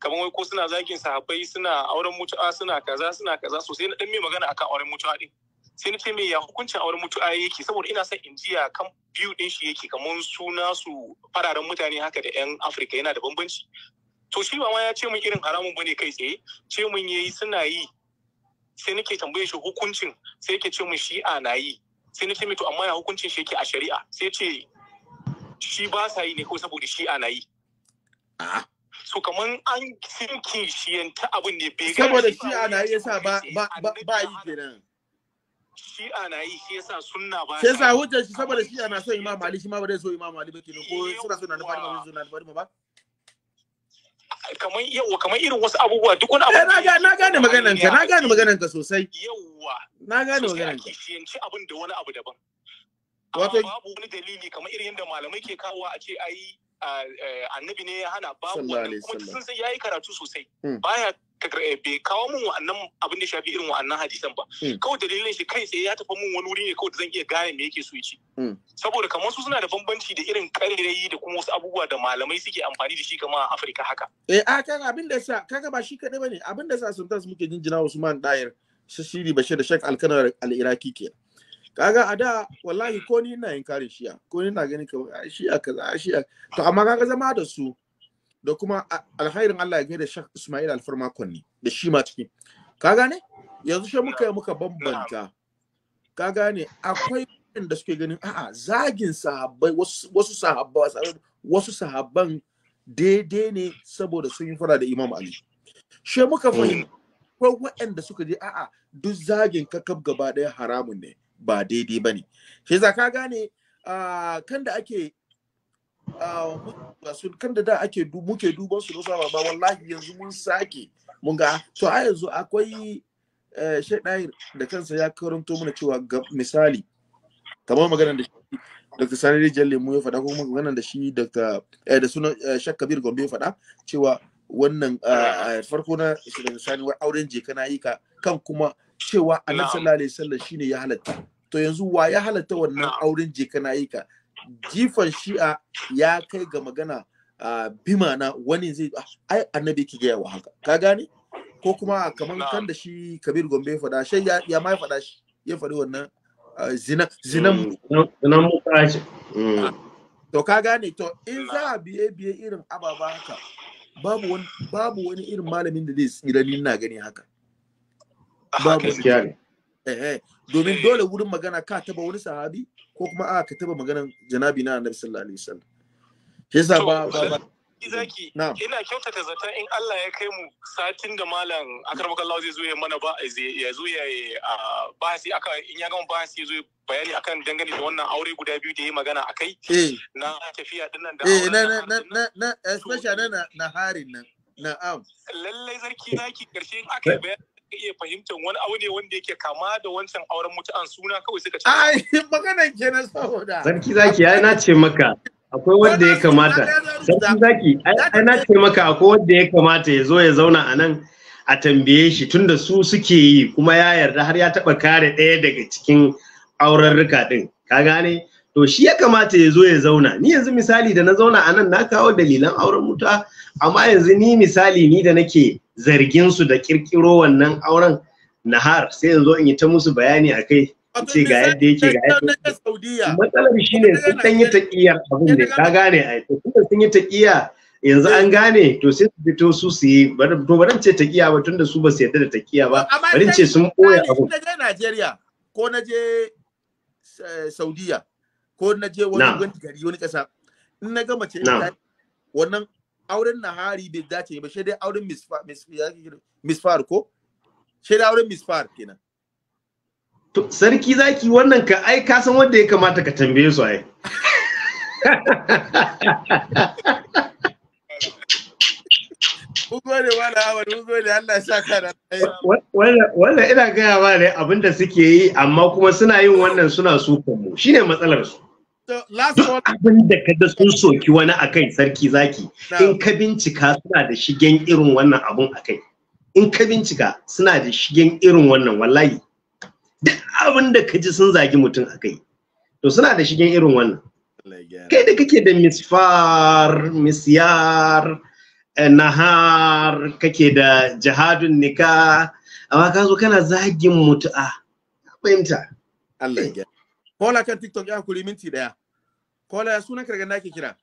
Speaker 4: kaman wai ko suna zagin sahabbai suna auren mutu'a suna kaza suna kaza so sai na dan mai magana akan auren mutu'a din sai na ce mai ya hukuncin auren mutu'a yake saboda ina son in jiya kan biyu din shi yake kaman suna su fararen mutane haka da yan Afirka yana da bambanci to shi ba ma ya ce mun irin haramun bane kai tsaye ce mun yayi suna yi sai nake tambaye shi hukuncin sai yake ce mun shi'a na yi sai na ce mai to amma ya hukuncin shi yake a shari'a sai ce shi ba sa yi ne ko saboda shi ana yi so kaman an sinki shi yanta abin ne bai saboda shi
Speaker 1: ana yi yasa ba ba yi
Speaker 4: kenan shi ana yi shi yasa sunna ba shi yasa hujjar
Speaker 1: shi saboda shi ana so imam ali shi ma ba zai so imam ali ba kenan
Speaker 4: ko suna suna na fadi ba suna na fadi ba kamar yawa kamar irin wasu abubuwa duk wani abu eh, na gane maganan na gane maganan sosai na gane maganan ka dalili kamar irin yadda malamai ke kawo a eh, annabi ne ya hana babu wani kuma sun san yayi karatu sosai hmm. baya Eh, bai kawo min wa'annan abin da shafi irin wa'annan hadisan ba hmm. kawai dalilin shi kai tsaye ya tafi mun wani wuri ne kawai da zan iya gane me yake so ya ci hmm. saboda kamar su suna da bambanci da irin karerayi da kuma wasu abubuwa da malamai suke amfani da shi kama a Afirka haka
Speaker 1: eh a abin da sa kaga ba shi kaɗai bane abin da sa sun tas muke jinjina Usman dayar Shashiri Bashir da shak Alkanar al-Iraki ke kaga a da wallahi ko ni ina yin kare shiya ko ni ina ganin kamar a shiya kaza a shiya to amma kaga zama da su da kuma alkhairin Allah ya gaida Sheikh Ismail Alfarma Kwanni da shi ma ciki ka gane yanzu shi muka yi muka bambanta ka gane akwai da suke ganin a'a zagin sahabbai wasu sahabba wasu sahabban daidai ne saboda sun yi fara da Imam Ali shi muka hmm. fahimta akwai waɗanda suka je a'a duk zagin kakab gaba ɗaya haramun ne ba daidai ba ne shi za ka gane ah, kan da ake su kan da da ake muke duban su ba ba wallahi yanzu mun sake mun ga to a yanzu akwai eh, shaidai da kansa ya karanto mana cewa misali kamar maganar da Dr. Sani jalle mu ya faɗa ko kuma magana da shi Dr. Eh, da sunan eh, kabir Gombe ya faɗa cewa wannan farko na shirin Sani wai auren je kana yi ka kan kuma cewa Annabi sallallahu alaihi wasallam shine ya halatta to yanzu wa ya halatta wannan auren je kana yi ka jifan shi'a ya kai ga magana bima na wani zai ai annabi ki gaya wa haka ka gane ko kuma kamar kan da shi kabir gombe faɗa shai ya ma faɗa shi ya faɗi wannan zina zinan mm.
Speaker 2: zinan mutaci mm.
Speaker 1: to ka gane to in za a biye biye irin ababa haka babu wani babu wani irin malamin da zai tsira ni na gani haka babu gaskiya ne eh eh domin eh. dole wurin magana ka taba wani sahabi ko kuma a ka taba maganan janabi na annabi sallallahu alaihi wasallam shi yasa ba ba ba
Speaker 4: zaki ina kyautata zata in Allah ya kai mu satin da malam akarbaka Allah zai zo ya mana ba ya zo ya shi aka in ya gama ba shi zo bayani akan dangane da wannan aure guda biyu da yayi magana akai eh. na tafiya dinnan da eh, na
Speaker 1: na na na especially na na harin nan na'am
Speaker 4: lallai zarki zaki karshe in aka bayani iya fahimtar wani abu ne wanda yake kama da wancan auren an suna kawai suka ce. Ai, maganan kenan saboda.
Speaker 2: Sarki zaki ai na ce maka. Akwai wanda ya kamata. Sarki zaki, ai na ce maka akwai wanda ya kamata ya zo ya zauna a nan a tambaye shi tunda su suke yi kuma ya yarda har ya taɓa kare ɗaya daga cikin aurarruka ɗin. Ka gane? to shi ya kamata ya zo ya zauna ni yanzu misali da na zauna a nan na kawo dalilan auren mutuwa amma yanzu ni misali ni da nake zargin su da kirkiro wannan auren nahar sai yanzu in yi ta musu bayani a kai ce ga yadda yake ga yadda matsalar shi ne sun dan yi taƙiyar abin da ka gane a tunda sun yi taƙiya yanzu an gane to sai su fito su su yi to bari ce taƙiya ba tunda su ba su yarda da taƙiya ba bari ce sun ɓoye abu
Speaker 1: ko na je eh, Saudiya ko na je wani gwanti gari wani ƙasa in na ga mace wannan auren nahari bai dace ba shi dai auren far ko shi dai auren far kenan
Speaker 2: to sarki zaki wannan ka ai ka san wanda ya kamata ka tambaye su ai
Speaker 1: gode wala hawa mun gode Allah ya saka
Speaker 2: wannan ina gaya ma ne abinda suke yi amma kuma suna yin wannan suna sukan mu shine matsalar su abin da ka da sun soki wani akai sarki zaki in ka bincika suna da shigen irin wannan abun akai in ka bincika suna da shigen irin wannan wallahi duk abin da ka ji sun zagi mutum akai to suna da shigen irin wannan kai da kake da misfar misyar eh, nahar kake da jihadun nika amma ka zo kana zagin mutu'a fahimta
Speaker 1: Allah ya Hola kan TikTok ya kuri minti daya. kola ya suna kargan ake kira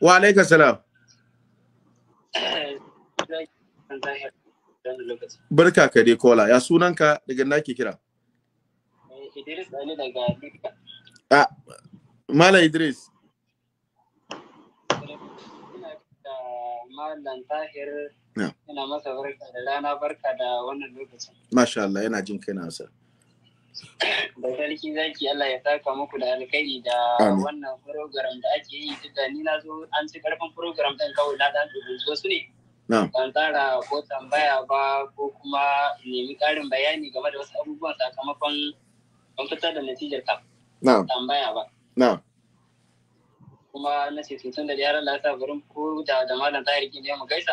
Speaker 1: wa alaika salam barka ka dai kola ya sunanka daga ake kira Mala eh, Idris.
Speaker 4: Mashallah, Tahir. Ina masa da rana barka da
Speaker 1: yana jin kai na wasa.
Speaker 2: da sarki zaki Allah ya saka muku da alkhairi da wannan program da ake yi duk da ni na zo an ci karfin program ɗin kawai na dan rubuto su ne ban tsara ko tambaya ba ko kuma nemi ƙarin bayani game da wasu abubuwan sakamakon ban fitar da natijar ka tambaya
Speaker 1: ba
Speaker 2: kuma na ce tun da yaran lasa barin ko da da malam tahir ne mu gaisa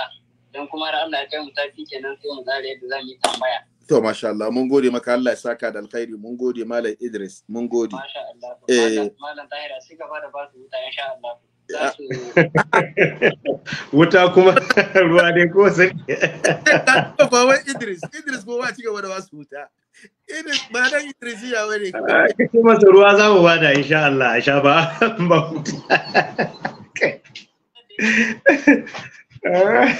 Speaker 2: don kuma har Allah ya kai mu tafi kenan sai mu tsara yadda za mu yi tambaya
Speaker 1: To, masha Allah, mun gode maka Allah ya saka da alkhairi, mun gode Malam Idris, mun gode. Masha
Speaker 4: Allah, eh. Malam Tahira, su gaba da ba su wuta, insha Allah. Ah.
Speaker 2: Wuta kuma ruwa ne ko sai. Ta ba wai
Speaker 1: Idris, Idris ko ba ci gaba da ba su wuta. Idris ba da Idris ya wani. Ah, Kace
Speaker 2: masa ruwa za mu bada insha Allah, a sha ba ba wuta.
Speaker 4: Ah.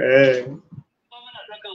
Speaker 4: Eh.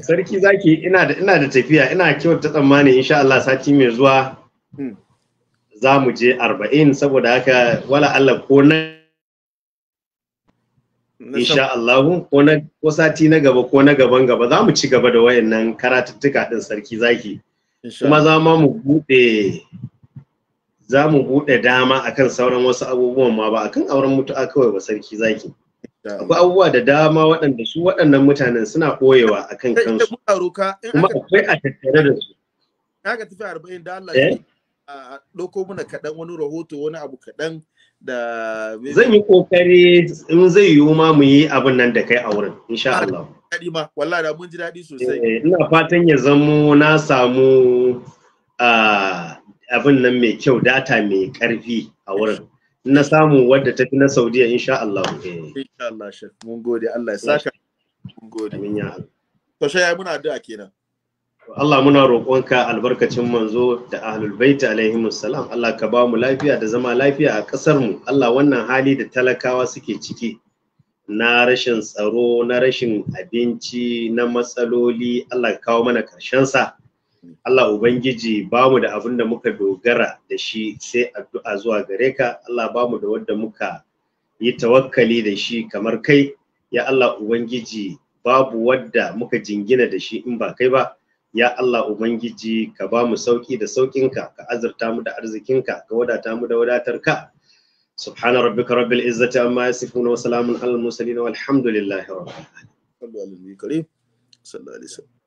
Speaker 2: sarki zaki ina da ina da tafiya ina kyauta tsammani insha Allah sati mai zuwa hmm. za mu je arba'in saboda haka wala Allah ko na insha Allah ko na ko sati na gaba ko na gaban gaba za mu ci gaba da wayannan karatuttuka din sarki zaki kuma za ma mu bude za mu bude dama akan sauran wasu abubuwan ma ba akan auren mutu'a kawai ba sarki zaki akwai abubuwa da dama waɗanda su waɗannan mutanen suna ɓoyewa a kan kansu kuma akwai a tattare da su
Speaker 1: haka tafi arba'in da Allah eh? a ɗauko muna kaɗan wani rahoto wani abu kaɗan da
Speaker 2: zan yi ƙoƙari in zai yiwu ma mu yi abin nan da kai a wurin insha Allah
Speaker 1: daɗi ma wallahi da mun ji daɗi sosai eh,
Speaker 2: ina fatan ya zamo na samu abin nan mai kyau data mai ƙarfi a wurin na samu wadda tafi na Saudiya insha Allah. Eh.
Speaker 1: Insha Allah shi mun gode Allah ya saka
Speaker 2: mun gode. Amin ya
Speaker 1: To ya muna addu'a kenan.
Speaker 2: Allah muna roƙonka albarkacin manzo da ahlul baiti alaihim salam Allah ka ba mu lafiya da zama lafiya a ƙasar mu Allah wannan hali da talakawa suke ciki na rashin tsaro na rashin abinci na matsaloli Allah ka kawo mana karshen sa Allah Ubangiji ba mu da abin da muka dogara da shi sai addu'a zuwa gare ka, Allah ba mu da wanda muka yi tawakkali da shi kamar kai, ya Allah Ubangiji babu wadda muka jingina da shi in ba kai ba, ya Allah Ubangiji ka ba mu sauƙi da sauƙinka, ka azurta mu da arzikinka, ka wadata mu da wadatarka. Subhana rabbika rabbil izzati amma yasifuna wa salamun alal mursalin walhamdulillahi rabbil alamin.